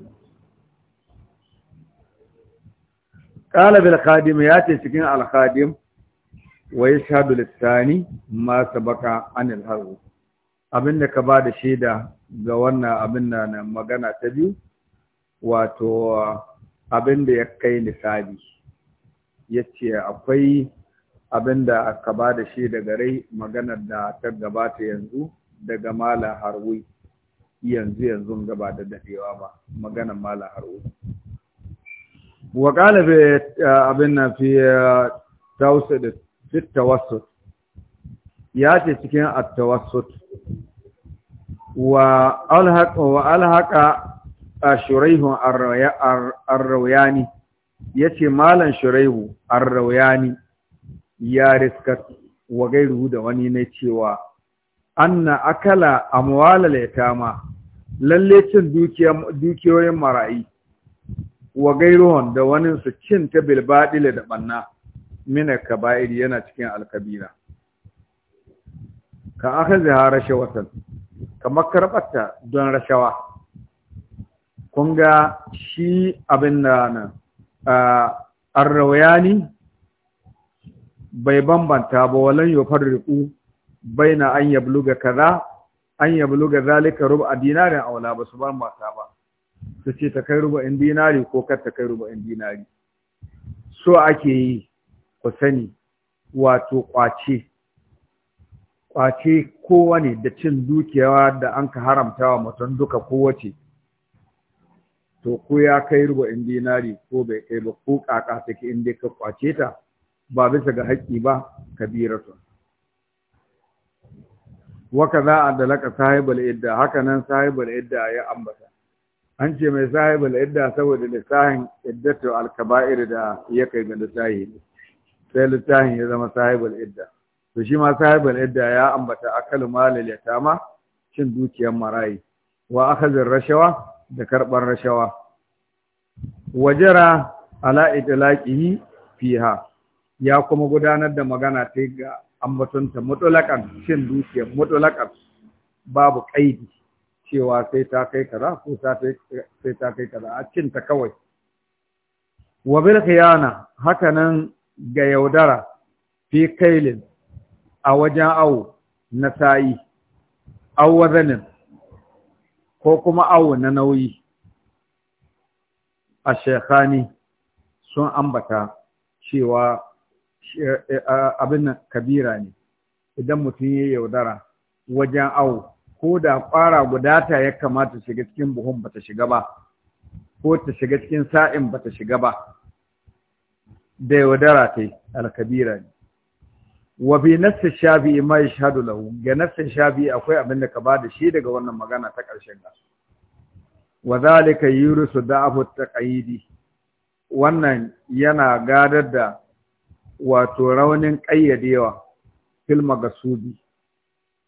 Speaker 1: Ƙalabin Khadim ya ce cikin Al-Khadim, ويشهد للثاني ما سبق عن الحرب abin da ka ba da shaida ga wannan abin na magana ta biyu wato abin da ya kai nisabi ya ce akwai abin da aka ba da shi daga rai magana da ta gabata yanzu daga mala harwi yanzu yanzu gaba da dadewa ba maganar mala harwi wa abin na fi uh, tausa da fi tawassut ya ce cikin at-tawassut wa alhaqa wa alhaqa ashuraihu ar-rawayani yace malan shuraihu ar-rawayani ya riska wa gairuhu da wani ne cewa anna akala amwalal yatama lalle cin dukiyoyin marayi wa gairuhun da wani su cin ta bilbadile da banna mina kaba'iri yana cikin alkabira ka aka zihara rashawatan kamar karɓarta don rashawa kun ga shi abin da nan arrawayani bai bambanta ba walan yofar riku bai na an yabluga kaza an yabluga zalika ruba a dinarin aula ba su ba mata ba su ce ta kai ruba in dinari ko kar ta kai ruba in dinari so ake yi ku sani wato kwace kwace ne da cin dukiyawa da an ka haramta wa mutum duka kowace to ko ya kai rubu'in dinari ko bai kai ba ko kaka take in ka kwace ta ba bisa ga haƙƙi ba kabiratun waka za a dalaka sahibul idda haka nan sahibul idda ya ambata an ce mai sahibul idda saboda lissahin iddatu alkaba'ir da ya kai ga ne. sai littafin ya zama sahibul idda to shi ma sahibul idda ya ambata akal malil yatama cin dukiyar marayi wa akhadhar rashawa da karban rashawa wajara ala itlaqihi fiha ya kuma gudanar da magana ta ga ambatonta mutulakan cin dukiyar mutulakan babu kaidi cewa sai ta kai kaza ko sai ta kai kaza a ta kawai wa bil khiyana hakanan ga yaudara fi kailin a wajen awo na sa'i aw ko kuma awo na nauyi a shekhani sun ambata cewa eh, eh, ah, abin kabira ne idan mutum ya yaudara wajen awo ko da kwara guda ta ya kamata shiga cikin buhun bata shiga ba ko ta shiga cikin sa'in bata shiga ba da yaudara ta yi alkabira ne wa bi nafsin shafi ma yashhadu lahu ga nafsin shafi akwai abin da ka ba da shi daga wannan magana ta ƙarshen gasu wa zalika abu ta ƙayidi wannan yana gadar da wato raunin ƙayyadewa filma ga Subi,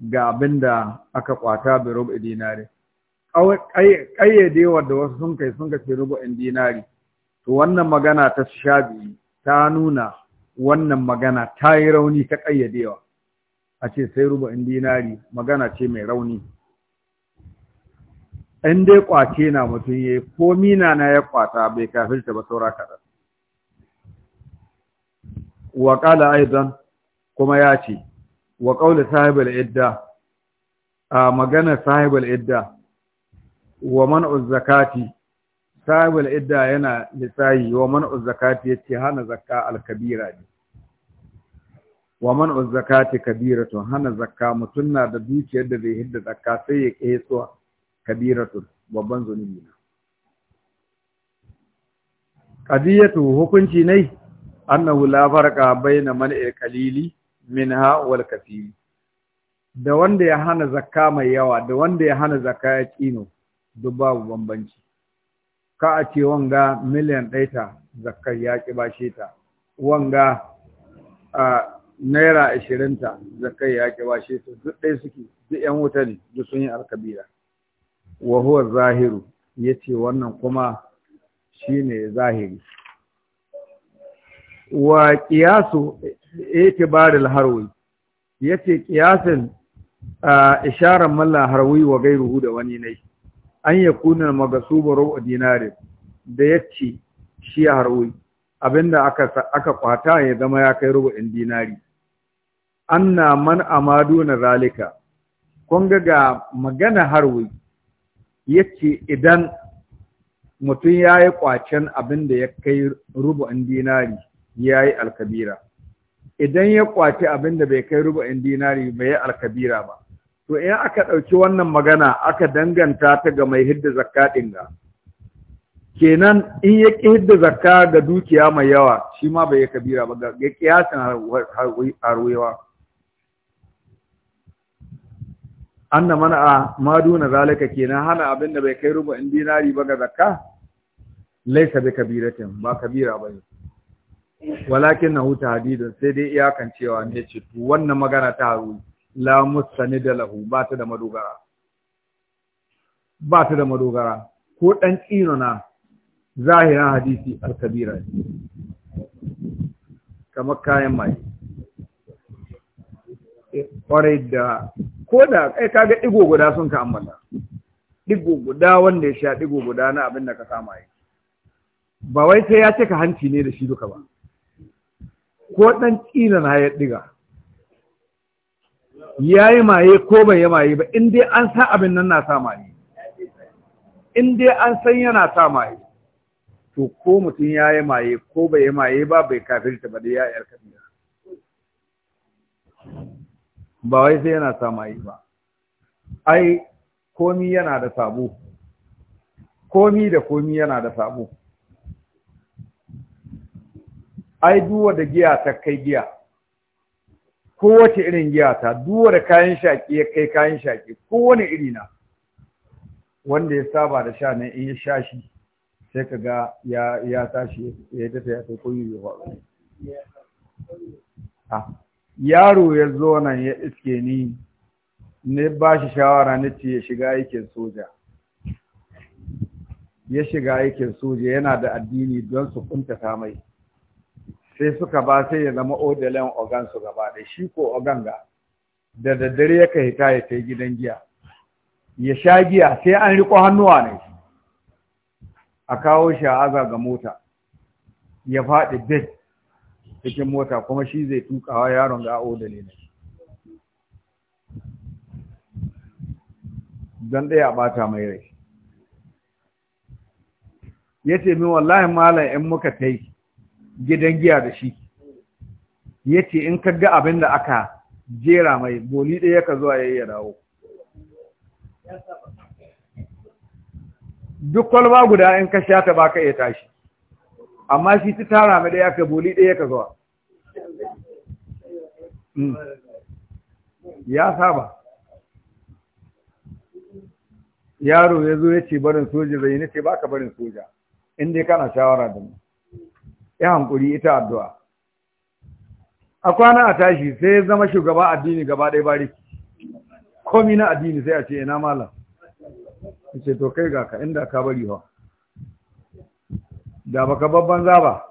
Speaker 1: ga abin da aka kwata bi rubu dinari ƙayyadewa da wasu sun kai sun kace rubu dinari to wannan magana ta shafi ta nuna wannan magana ta yi rauni ta ƙayyadewa a ce sai in dinari magana ce mai rauni in dai kwace na mutum ya yi, ko mina na ya kwata bai kafirta ba saura kaɗan wa ƙala aizan kuma ya ce wa da sahibar idda a maganar sahibar idda wa man'uz zakati sahibul idda yana lisahi wa man zakati yace hana zakka al-kabira ne wa man zakati kabiratu hana zakka mutun na da dukiyar da zai hidda zakka sai ya kai so kabiratu babban zunubi ne qadiyatu hukunci ne annahu la farqa baina al qalili minha wal kathiri da wanda ya hana zakka mai yawa da wanda ya hana zakka ya kino duk babu bambanci ka a ce wanga miliyan ɗaita zakar ya ƙi bashe ta wanga a naira ashirin ta zakar ya ƙi bashe ta duk ɗaya suke duk ƴan wuta ne duk sun yi alkabira wa huwa zahiru ya ce wannan kuma shi ne zahiri wa ƙiyasu itibaril harwi ya ce ƙiyasin isharar mallan harwi wa gairuhu da wani nai an yakuna magasubu rubu dinari da ya ce shi a harwi abinda aka kwata ya zama ya kai rubu'in dinari na man amadu na zalika kun ga ga magana harwi ce idan mutum ya yi kwacen abinda ya kai rubu'in dinari ya yi alkabira idan ya kwace abinda bai kai rubu'in dinari bai yi alkabira ba to in aka ɗauki wannan magana aka danganta ta ga mai hidda zakka ɗinga kenan in ya ƙi hidda zakka ga dukiya mai yawa shi ma bai yi kabira ba ga ƙiyasin harwewa an na mana a madu na zalika kenan hana abin da bai kai rubu in dinari ba ga zakka laisa bi kabiratin ba kabira ba ne walakin na huta hadidun sai dai iyakan cewa ne ce wannan magana ta haruwa la da lahu ba ta da madogara ba ta da madogara ko dan na zahirin hadisi alkabira ne. kamar kayan mai kwarai eh, da ko da kai kaga digo guda sun ka ambata digo guda wanda ya sha digo guda na abin da ka sama yi ba wai sai ya ce ka hanci ne da shi duka ba ko ɗan ƙina na ya ɗiga. ya yi maye ko bai yi maye ba in dai an san abin nan na sa maye in dai an san yana sa maye to ko mutum ya yi maye ko bai yi maye ba bai kafin ba bada ya yar kabila ba wai sai yana sa maye ba ai komi yana da sabo komi da komi yana da sabo ai duwa da giya ta kai giya kowace irin giya ta duwar kayan shaƙi ya kai kayan shaƙi kowane iri na wanda ya saba da sha nan in ya sha shi sai ka ga ya tashi ya tafi ya kai koyi ya faɗo yaro ya zo nan ya iske ni ne ba shi shawara na ce ya shiga aikin soja ya shiga aikin soja yana da addini don su kuntata mai sai suka ba sai ya zama odalen ogan su gaba da shi ko ogan ga da daddare ya kai ta ya kai gidan giya ya sha giya sai an riko hannuwa ne a kawo shi a aza ga mota ya faɗi bed cikin mota kuma shi zai tukawa yaron ga odale ne don ɗaya bata mai rai ya ce min wallahi malam in muka ta gidan giya da shi ya ce in ka ga abin da aka jera mai boli ɗaya ka zuwa ya dawo duk kwalba guda in ka sha ta ba ka iya tashi amma shi ta tara mai ɗaya ka boli ɗaya ka zuwa mm. ya saba yaro ya zo ya ce barin soja zai ne ce ba ka barin soja inda kana shawara da mu ya hankuri ita addu'a a kwana a tashi sai ya zama shugaba addini gaba ɗaya bari komi na addini sai a ce ina malam ce to kai ga ka inda ka bari ba da baka babban zaba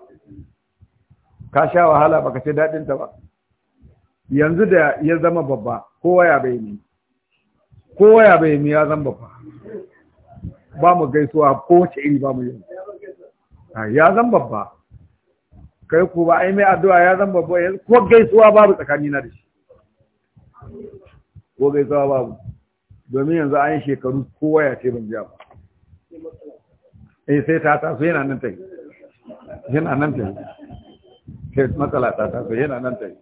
Speaker 1: ka sha wahala baka ce daɗinta ba yanzu da ya zama babba kowa ya bai ni kowa ya bai ni ya zama babba ba mu gaisuwa ko wace iri ba mu yi ya zama babba kai ku ba ai mai addu'a ya zan babu ko gaisuwa babu tsakani na da shi ko gaisuwa babu domin yanzu an yi shekaru kowa ya ce ban ji ba eh sai ta taso yana nan tai yana nan tai sai matsala ta taso yana nan tai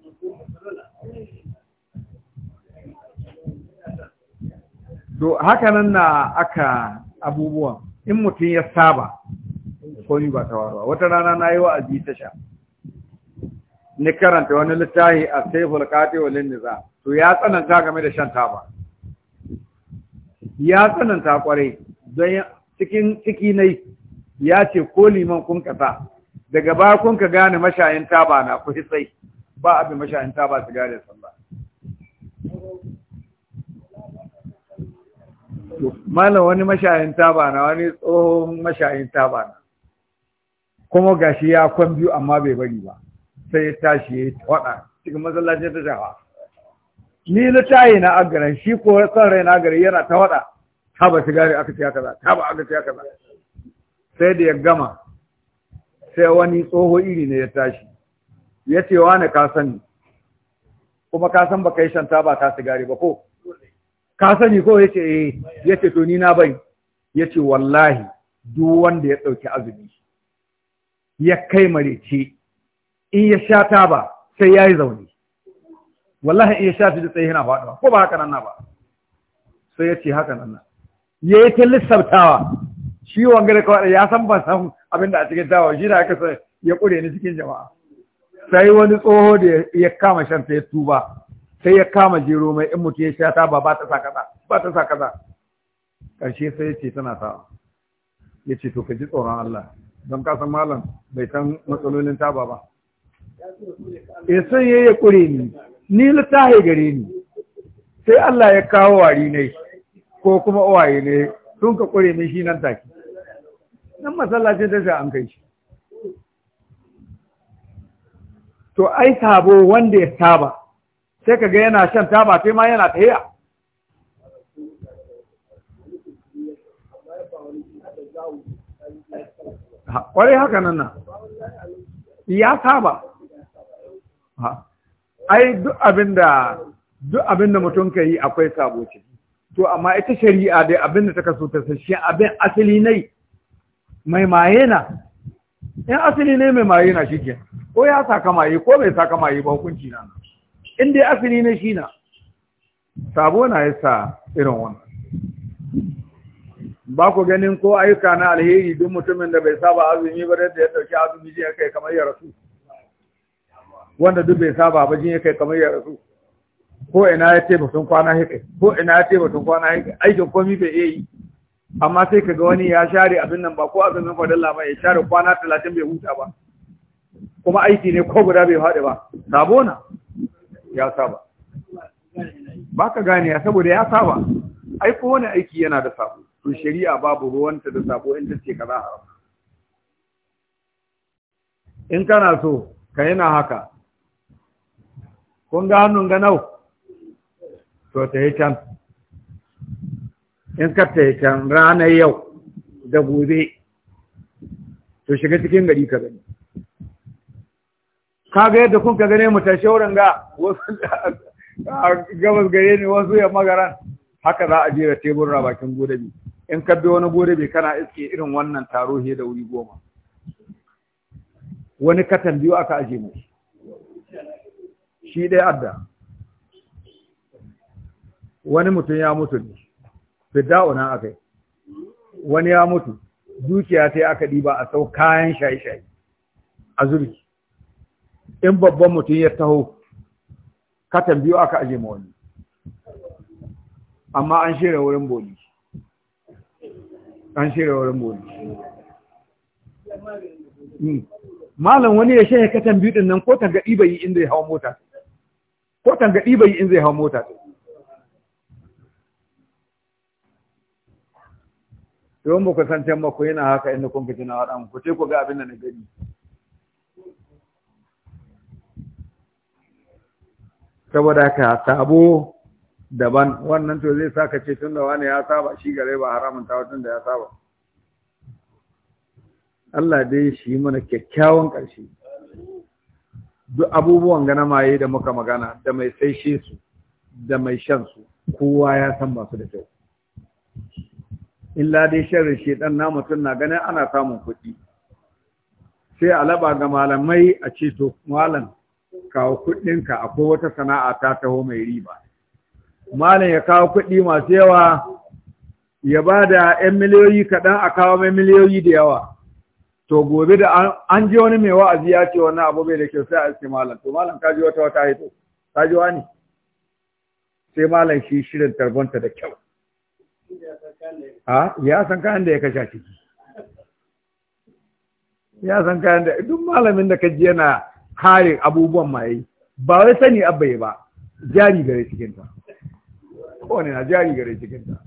Speaker 1: to haka nan na aka abubuwan in mutum ya saba komi ba ta wata rana na yi wa'azi ta sha ni karanta wani littafi a saifin kati wa linniza to ya tsananta game da shan taba ya tsananta kwarai don cikin ciki nai ya ce ko liman kun kasa daga baya kun ka gane mashayin taba na ku sai ba abin mashayin taba su gane sallah malam wani mashayin taba na wani tsohon mashayin taba na kuma gashi ya kwan biyu amma bai bari ba sai ya tashi ya waɗa cikin masallacin ta jawa ni na tayi na agaran shi ko son rai na gari yana ta waɗa. ta ba ne aka ciya kaza ta ba aka ciya kaza sai da ya gama sai wani tsoho iri ne ya tashi ya ce wa ne ka sani kuma ka san baka yi shan ba ta sigari ba ko ka sani ko ya ce eh ya ce to ni na bai ya ce wallahi duk wanda ya ɗauki azumi ya kai marece in ya sha taba sai ya yi zaune wallahi in ya sha fi tsaye yana faɗuwa ko ba haka nan na ba sai ya ce haka nan na ya yi ta lissabtawa shi wangare da kawai ya san ban san abin da a cikin tawa shi da aka sai ya ƙure ni cikin jama'a sai wani tsoho da ya kama shan ta ya tuba sai ya kama jero mai in mutu ya sha taba ba ta sa kaza ba ta sa kaza ƙarshe sai ya ce tana sawa ya ce to ka ji tsoron Allah don ka san malam bai san matsalolin taba ba ya eh, ya yi kure ni ni littahi gare ni sai Allah ya kawo wari ne ko kuma uwaye ne sun ka kure ni shi nan taki nan masallacin ta sai an kai shi to ai sabo wanda ya saba sai ka ga yana shan taba sai ma yana tahiya kwarai haka nan na, ya saba ai duk abinda duk abinda mutum ka yi akwai sabo ciki to amma ita shari'a dai abinda ta kaso ta sashi abin asali ne mai maye na in asali ne mai maye na shi ke ko ya saka maye ko bai saka maye ba hukunci na in dai asali ne shi na sabo na ya sa irin wannan ba ku ganin ko ayyuka na alheri duk mutumin da bai saba azumi ba da ya dauki azumi ya kai kamar ya rasu wanda duk bai saba ba jin ya kai kamar ya rasu ko ina ya ce batun kwana hikai ko ina ya ce batun kwana hikai aikin komi bai iya yi amma sai kaga wani ya share abin nan ba ko azumin fadalla ba ya share kwana talatin bai huta ba kuma aiki ne ko guda bai fadi ba sabo na ya saba ba ka gane ya saboda ya saba ai ko wani aiki yana da sabo to shari'a babu ruwanta da sabo in ta ce kaza haram in kana so ka yana haka kun ga hannun ga nau to ta yi can in ka ta yi can ranar yau da gobe to shiga cikin gari ka gani ka ga yadda kun ka gane mu ta shauran ga wasu gabas gare ne wasu ya magaran haka za a jera na bakin godabi in ka bi wani godabi kana iske irin wannan taro he da wuri goma wani katan biyu aka aje mai shi ɗaya adda wani mutum ya mutu ne fidda'una aka yi wani ya mutu dukiya ta aka ɗiba a sau kayan shayi shayi a zurgi in babban mutum ya taho katan biyu aka aje ma wani amma an shirya wurin boli an shirya wurin boli hmm. malam wani ya shirya katan biyu ɗin nan ko tangaɗi bai yi inda ya hawa mota ko tangaɗi bai in zai hau mota yawan ba ku san ba ku yana haka inda kun fitina waɗan ku ce ku ga abin da na gani saboda ka sabo daban wannan to zai ka ce tun da wani ya saba shi gare ba haramun ta tun da ya saba Allah dai shi mana kyakkyawan ƙarshe duk abubuwan gana maye da muka magana da mai saishe su da mai shan su kowa ya san masu da kyau illa dai rashe shedan na mutum na ganin ana samun kuɗi sai alaba ga malamai a ce to malam kawo kuɗinka akwai wata sana'a ta taho mai riba malam ya kawo kuɗi masu yawa ya ba da 'yan miliyoyi kaɗan a kawo mai miliyoyi da yawa to gobe da an je wani mai wa'azi ya ce wannan abu bai da kyau sai a ce malam to malam ka ji wata wata haito ka ji wani sai malam shi shirin tarbonta da kyau ha ya san kayan da ya kashe ciki ya san kayan da duk malamin da ka ji yana kare abubuwan maye ba wai sani abbai ba jari gare cikin ta kowane na jari gare cikin ta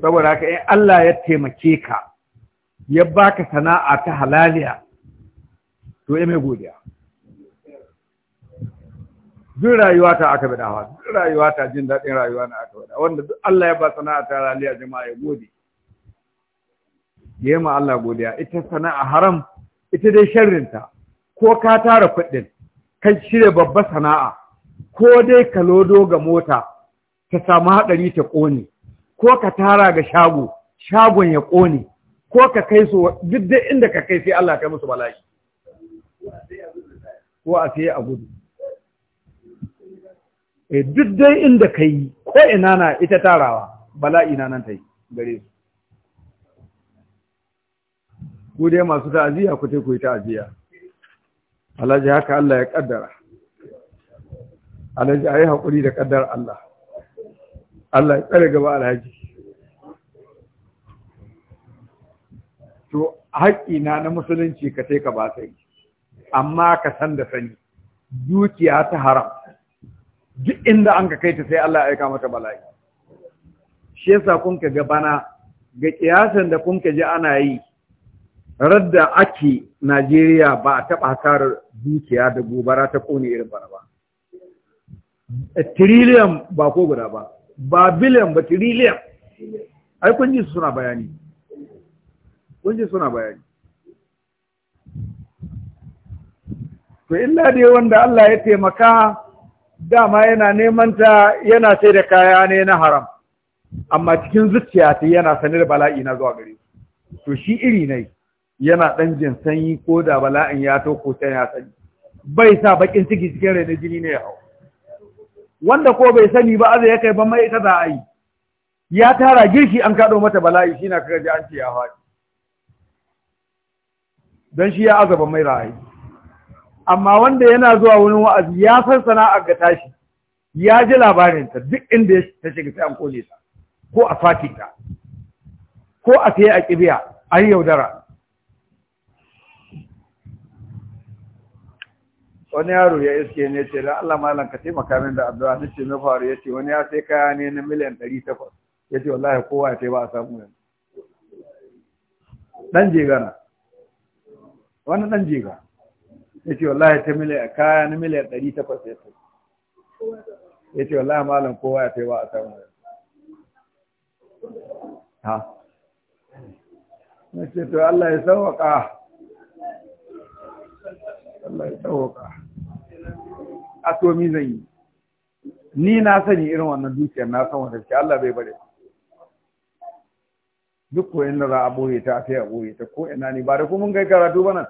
Speaker 1: saboda haka in Allah ya taimake ka ya baka sana'a ta halaliya to ya mai godiya duk rayuwa ta aka bi dawa duk rayuwa ta jin daɗin rayuwa na aka bada wanda duk Allah ya ba sana'a ta halaliya jama'a ya gode ya ma Allah godiya ita sana'a haram ita dai sharrinta ko ka tara kuɗin ka shirya babba sana'a ko dai ka lodo ga mota ta samu haɗari ta ƙone ko ka tara ga shago shagon ya ƙone ko ka kai su duk dai inda ka kai sai Allah kai musu bala'i ko a sai a gudu eh duk dai inda ka yi ko ina na ita tarawa bala'i na nan ta gare su ku dai masu ta'aziya ku ku yi ta'aziyya alhaji haka Allah ya kaddara alhaji ayi hakuri da kaddar Allah Allah ya tsare gaba alhaji to haƙƙi na na musulunci ka sai ka ba sai amma ka san da sani dukiya ta haram duk inda an ka kai ta sai Allah ya aika mata bala'i shi yasa kun ka ga bana ga kiyasan da kun ka ji ana yi radda ake Najeriya ba a taɓa hasarar dukiya da gobara ta kone irin bana ba. trillion ba ko guda ba, ba biliyan ba trillion Ai kun ji suna bayani. kun ji suna bayani to illa dai wanda Allah ya taimaka dama yana neman ta yana sai da kaya ne na haram amma cikin zuciya ta yana sanar bala'i na zuwa gare to shi iri ne yana dan jin sanyi ko da bala'in ya to ko ya sani bai sa bakin ciki cikin rai na jini ne ya hau wanda ko bai sani ba azai ya kai ban mai ita za a yi ya tara girki an kaɗo mata bala'i shi na kaga an ce ya faɗi don shi ya azaba mai ra'ayi amma wanda yana zuwa wani wa'azi ya san sana'ar ga tashi ya ji labarinta duk inda ta shiga sai an kone ta ko a fati ta ko a sai a kibiya an yaudara wani yaro ya iske ne ce da Allah malam ka taimaka min da addu'a ce na faru yace wani ya sai kaya ne na miliyan 800 yace wallahi kowa ya sai ba a samu yanzu dan je gana wani ɗan jega ya ce wallahi ta miliyar. kaya na miliyan ɗari takwas ya sai ya ce wallahi malam kowa ya taiwa ba a samu ha Ya ce to Allah ya sauwaka Allah ya sauwaka a to zai zan yi ni na sani irin wannan dukiyar na san wata ce Allah bai bare duk ko inda za a boye ta sai a boye ta ko ina ne ba da kuma mun kai karatu ba nan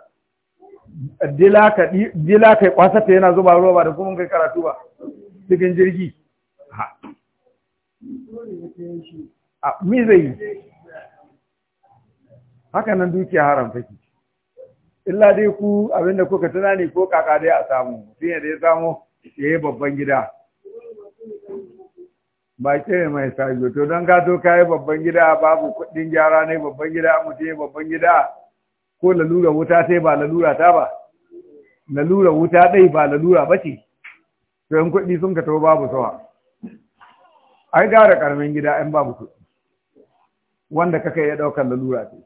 Speaker 1: dila kai kwasa ta yana zuba ruwa ba da kuma mun kai karatu ba cikin jirgi ha
Speaker 2: a mi zai yi
Speaker 1: haka nan dukiya haram take illa dai ku abinda kuka tunani ko kaka dai a samu da ya samu ya yi babban gida ba ne mai sajo to don ka zo ka yi babban gida babu kuɗin gyara ne babban gida mutu yi babban gida ko lalura wuta sai ba lalura ta ba lalura wuta dai ba lalura ba ce to yan kuɗi sun ka to babu sawa ai gara ƙaramin gida yan babu kudi wanda kaka ya ɗaukar lalura ce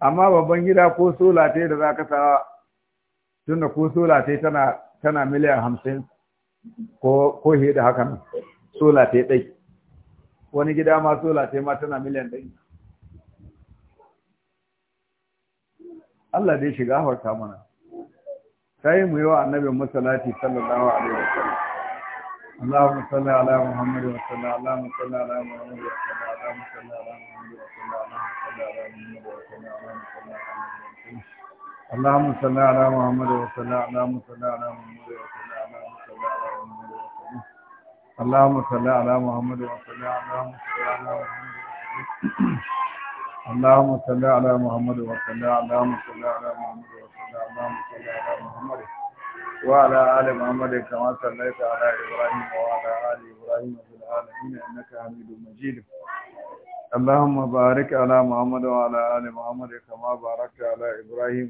Speaker 1: amma babban gida ko sola ce da za ka sa tunda ko sola ta tana miliyan hamsin ko ko da haka nan sola ta ɗai wani gida ma sola ta ma tana miliyan ɗai Allah dai shiga harka mana ta yi mu yi wa annabin masalati sallallahu alaihi wa sallam اللهم صل على محمد وسلم
Speaker 3: اللهم صل على محمد wa
Speaker 1: اللهم صل على محمد وسلم اللهم صل على محمد وسلم اللهم صل على محمد وسلم اللهم صل على محمد اللهم صل
Speaker 3: على محمد اللهم صل على محمد وصل على محمد
Speaker 1: اللهم صل على محمد وصل على محمد
Speaker 3: على محمد وصل على محمد على
Speaker 1: محمد وعلى ال محمد كما صليت على ابراهيم وعلى ال ابراهيم في العالمين انك حميد مجيد اللهم بارك على محمد وعلى ال محمد كما باركت على ابراهيم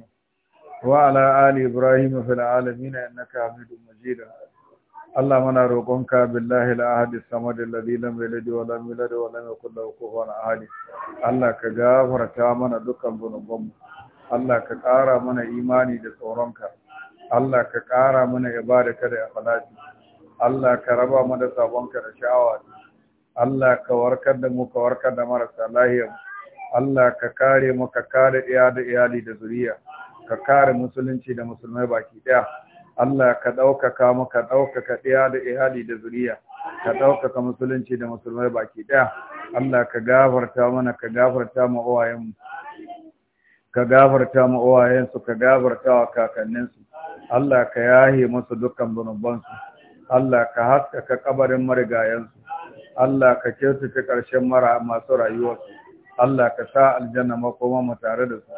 Speaker 1: وعلى ال ابراهيم في العالمين انك حميد مجيد Allah muna roƙonka billahi al-ahadis samad alladhi lam yalid wa lam yulad wa lam yakul lahu kufuwan ahad Allah ka gafarta mana dukkan zunubanmu Allah ka ƙara mana imani da tsoronka Allah ka ƙara mana ba da ikhlasi Allah ka raba mu da sabonka da sha'awa Allah ka warkar da mu ka warkar da marasa lahiya Allah ka kare mu ka kare iya da iyali da zuriya ka kare musulunci da musulmai baki daya Allah ka ɗaukaka mu ka ɗaukaka ɗaya da ihali da zuriya ka ɗaukaka musulunci da musulmai baki ɗaya Allah ka gafarta mana ka gafarta mu ka gafarta mu su ka gafarta wa kakanninsu Allah ka yahe musu dukkan su Allah ka haskaka kabarin marigayensu Allah ka kyautata ƙarshen mara masu rayuwarsu Allah ka sa aljanna makoma mu tare da su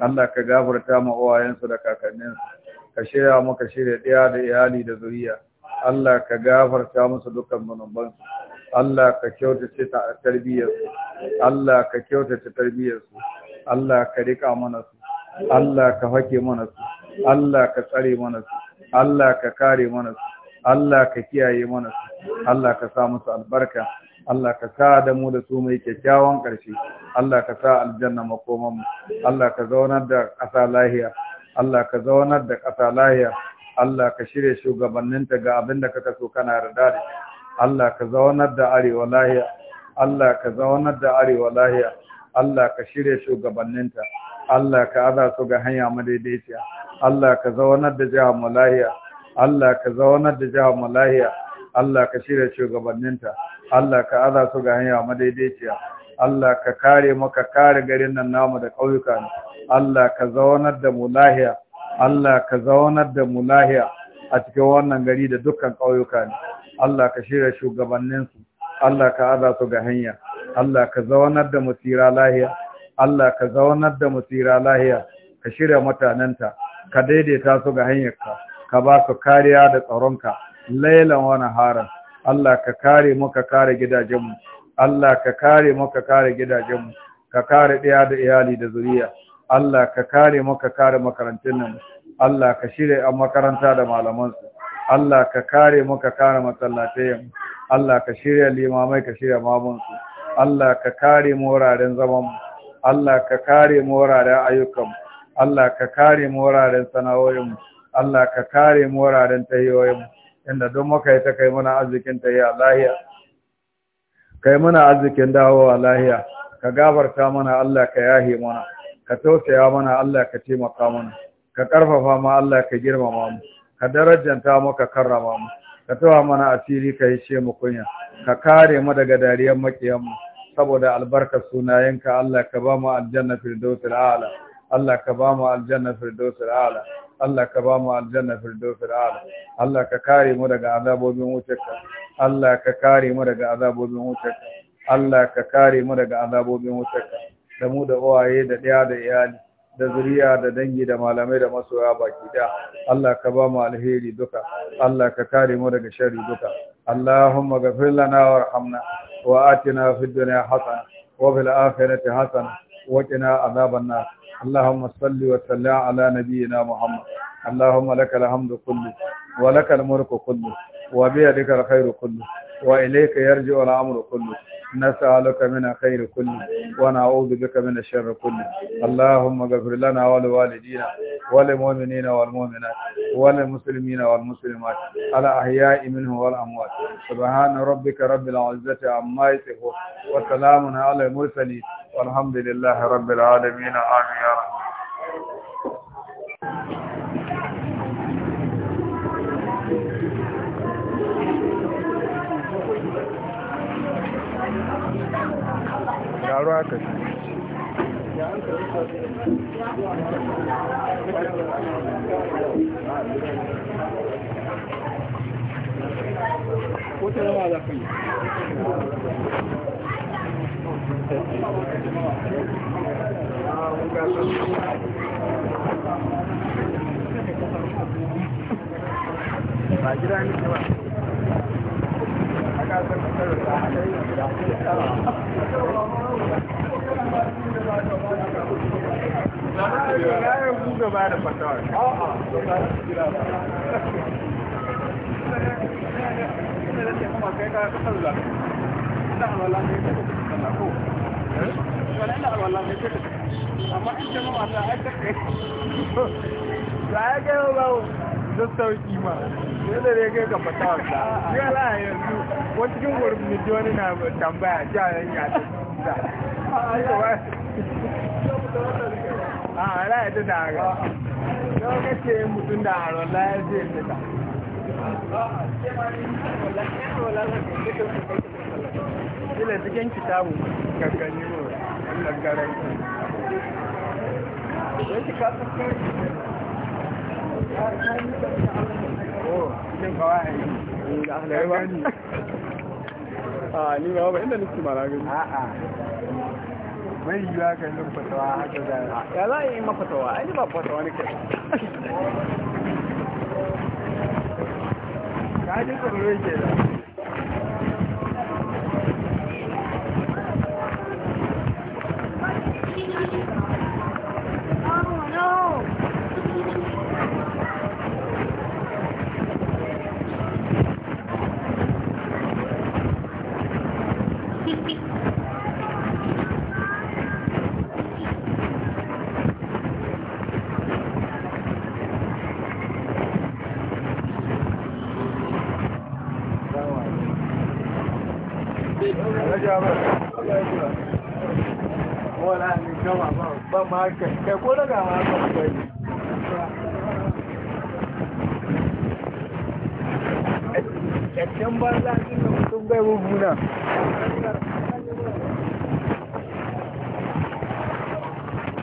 Speaker 1: Allah ka gafarta ma su da kakanninsu ka shirya maka shirya ɗaya da iyali da zuriya Allah ka gafarta musu dukkan zunubansu Allah ka kyautace ta tarbiyyarsu Allah ka kyautace tarbiyyarsu Allah ka riƙa mana su Allah ka hake mana su Allah ka tsare mana su Allah ka kare mana su Allah ka kiyaye mana su Allah ka sa musu albarka Allah ka sa da mu da su mai kyakkyawan ƙarshe Allah ka sa aljanna makomanmu. Allah ka zaunar da ƙasa lahiya Allah ka zaunar da ƙasa lahiya Allah ka shirya shugabanninta ga abin da kaka so kana yarda da Allah ka zaunar da arewa lahiya Allah ka zaunar da arewa lahiya Allah ka shirya shugabanninta Allah ka aza su ga hanya madaidaiciya Allah ka zaunar da jihar mu lahiya Allah ka zaunar da jihar mu lahiya Allah ka shirya shugabanninta Allah ka aza su ga hanya madaidaiciya Allah ka kare maka kare garin nan namu da ƙauyuka Allah ka zaunar da mu lahiya Allah ka zaunar da mu lahiya a cikin wannan gari da dukkan ƙauyuka ne Allah ka shirya shugabanninsu Allah ka aza su ga hanya Allah ka zaunar da mu tsira lahiya Allah ka zaunar da mu tsira lahiya ka shirya mutanenta ka daidaita su ga hanyarka ka ba su kariya da tsaron ka lailan wani haran Allah ka kare mu ka kare gidajenmu Allah ka kare mu ka kare gidajenmu ka kare ɗaya da iyali da zuriya Allah ka kare mu ka kare makarantun nan Allah ka shirya a makaranta da malamansu Allah ka kare mu ka kare masallatayen Allah ka shirya limamai ka shirya mamansu Allah ka kare mu wuraren zaman Allah ka kare mu wuraren ayyukan Allah ka kare mu wuraren sana'o'in Allah ka kare mu wuraren tayoyin inda don muka yi ta kai muna arzikin ya lahiya kai muna arzikin dawowa lahiya ka gabarta mana Allah ka yahi mana ka tausaya mana Allah ka taimaka mana ka ƙarfafa ma Allah ka girmama mu ka darajanta mu ka karrama mu ka tawa mana asiri ka hishe mu kunya ka kare mu daga dariyar makiyan mu saboda albarkar sunayenka Allah ka ba mu aljanna firdausul a'la Allah ka ba mu aljanna firdausul a'la Allah ka ba mu aljanna firdausul a'la Allah ka kare mu daga azabobin wutarka Allah ka kare mu daga azabobin wutarka Allah ka kare mu daga azabobin wutarka da mu da uwaye da ɗaya da iyali da zuriya da dangi da malamai da masoya baki ɗaya Allah ka ba mu alheri duka Allah ka kare mu daga shari duka Allahumma ghafir lana warhamna wa atina fid dunya hasana wa fil akhirati hasana wa qina adhaban nar اللهم صل وسلم على نبينا محمد اللهم لك الحمد كله ولك الملك كله وبيدك الخير كله وإليك يرجع الأمر كله نسألك من خير كله ونعوذ بك من الشر كله اللهم اغفر لنا ولوالدينا وللمؤمنين والمؤمنات وللمسلمين والمسلمات الأحياء منهم والأموات سبحان ربك رب العزة عما يصفون وسلام على المرسلين والحمد لله رب العالمين آمين يا رب
Speaker 2: taro aka shi
Speaker 3: ba gida ne ba Za a
Speaker 2: gaba ba da sauki ma. dole ne kai ka fata wasa ya la yanzu ko cikin gurbin wani na tambaya ja yan ya ta a la ya da daga yau kace mutum da haron la ya ce ta ila cikin kitabu kakanni mu wannan garan
Speaker 3: Thank you.
Speaker 2: a ni ba ba inda mara gani a'a mai yiwa ka yin fatawa haka ya za a yi ma fatawa yi ba fatawa ne ka ji da wala ne gama ba ba ma kai ko daga ma ba kai kyakkyan banza din da mutum bai bubuna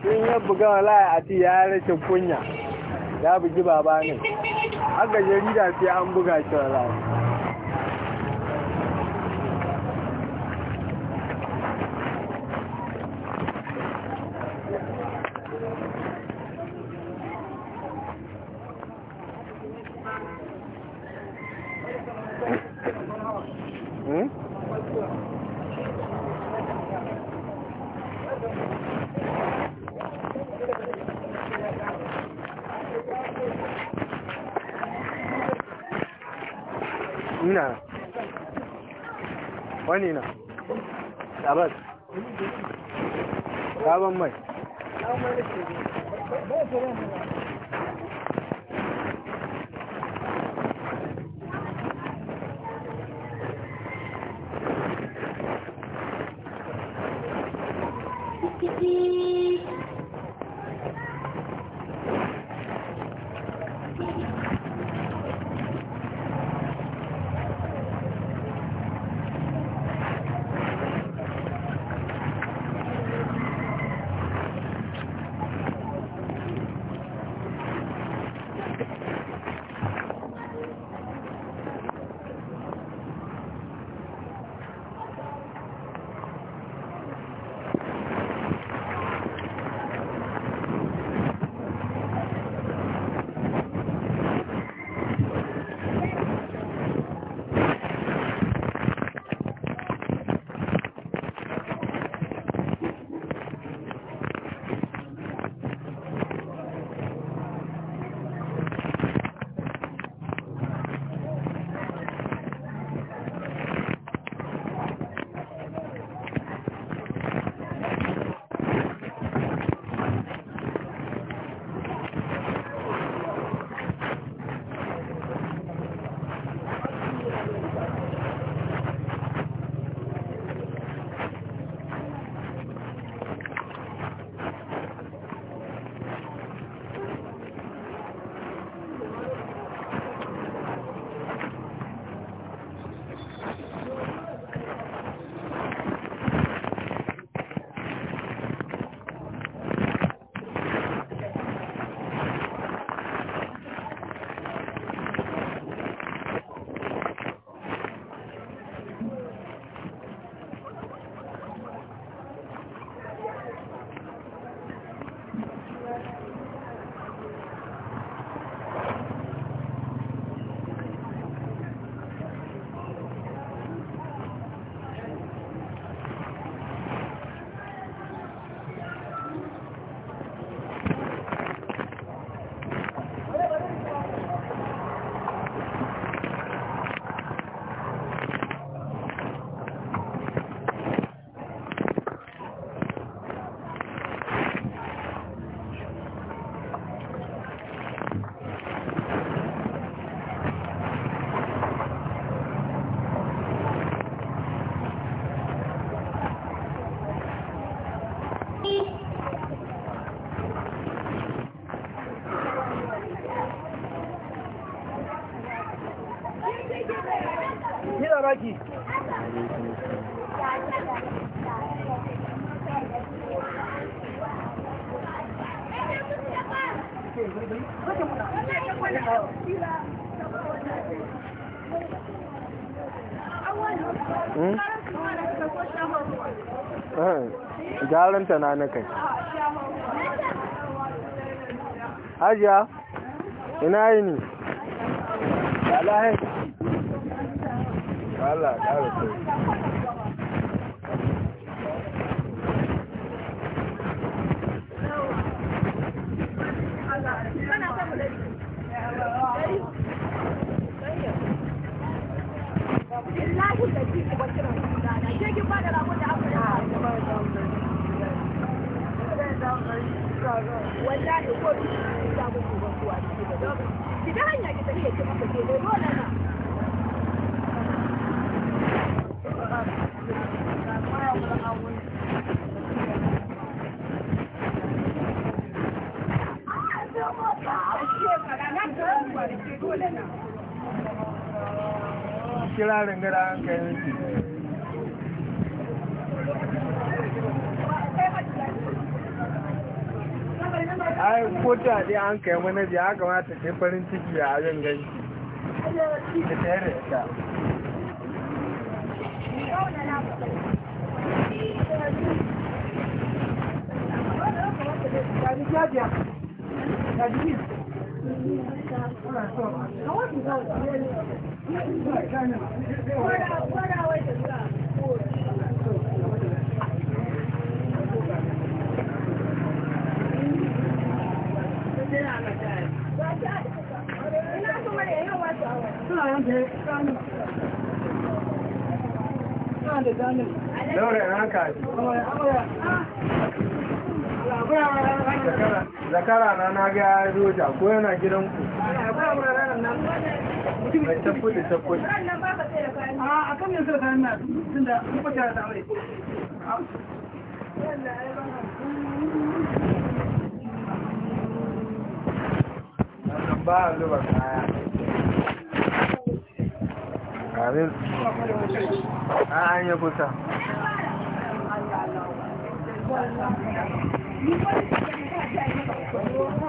Speaker 2: sun ya buga wala a ti ya rashin kunya ya bugi baba ne haka jarida sai an ƙanina abbas sabon mai
Speaker 3: makaranta na na kai
Speaker 2: hajiya ina yi ne ƙarin gara an kai yake
Speaker 3: ai ko ta
Speaker 2: dai an kai manaji ya kamata ta farin ciki a abin gani da tare da
Speaker 3: Thank Daurin
Speaker 2: haka zakara na na ga ya zo ta ko yana gidanku.
Speaker 3: ta kuɗi kuɗi a kan ba kaya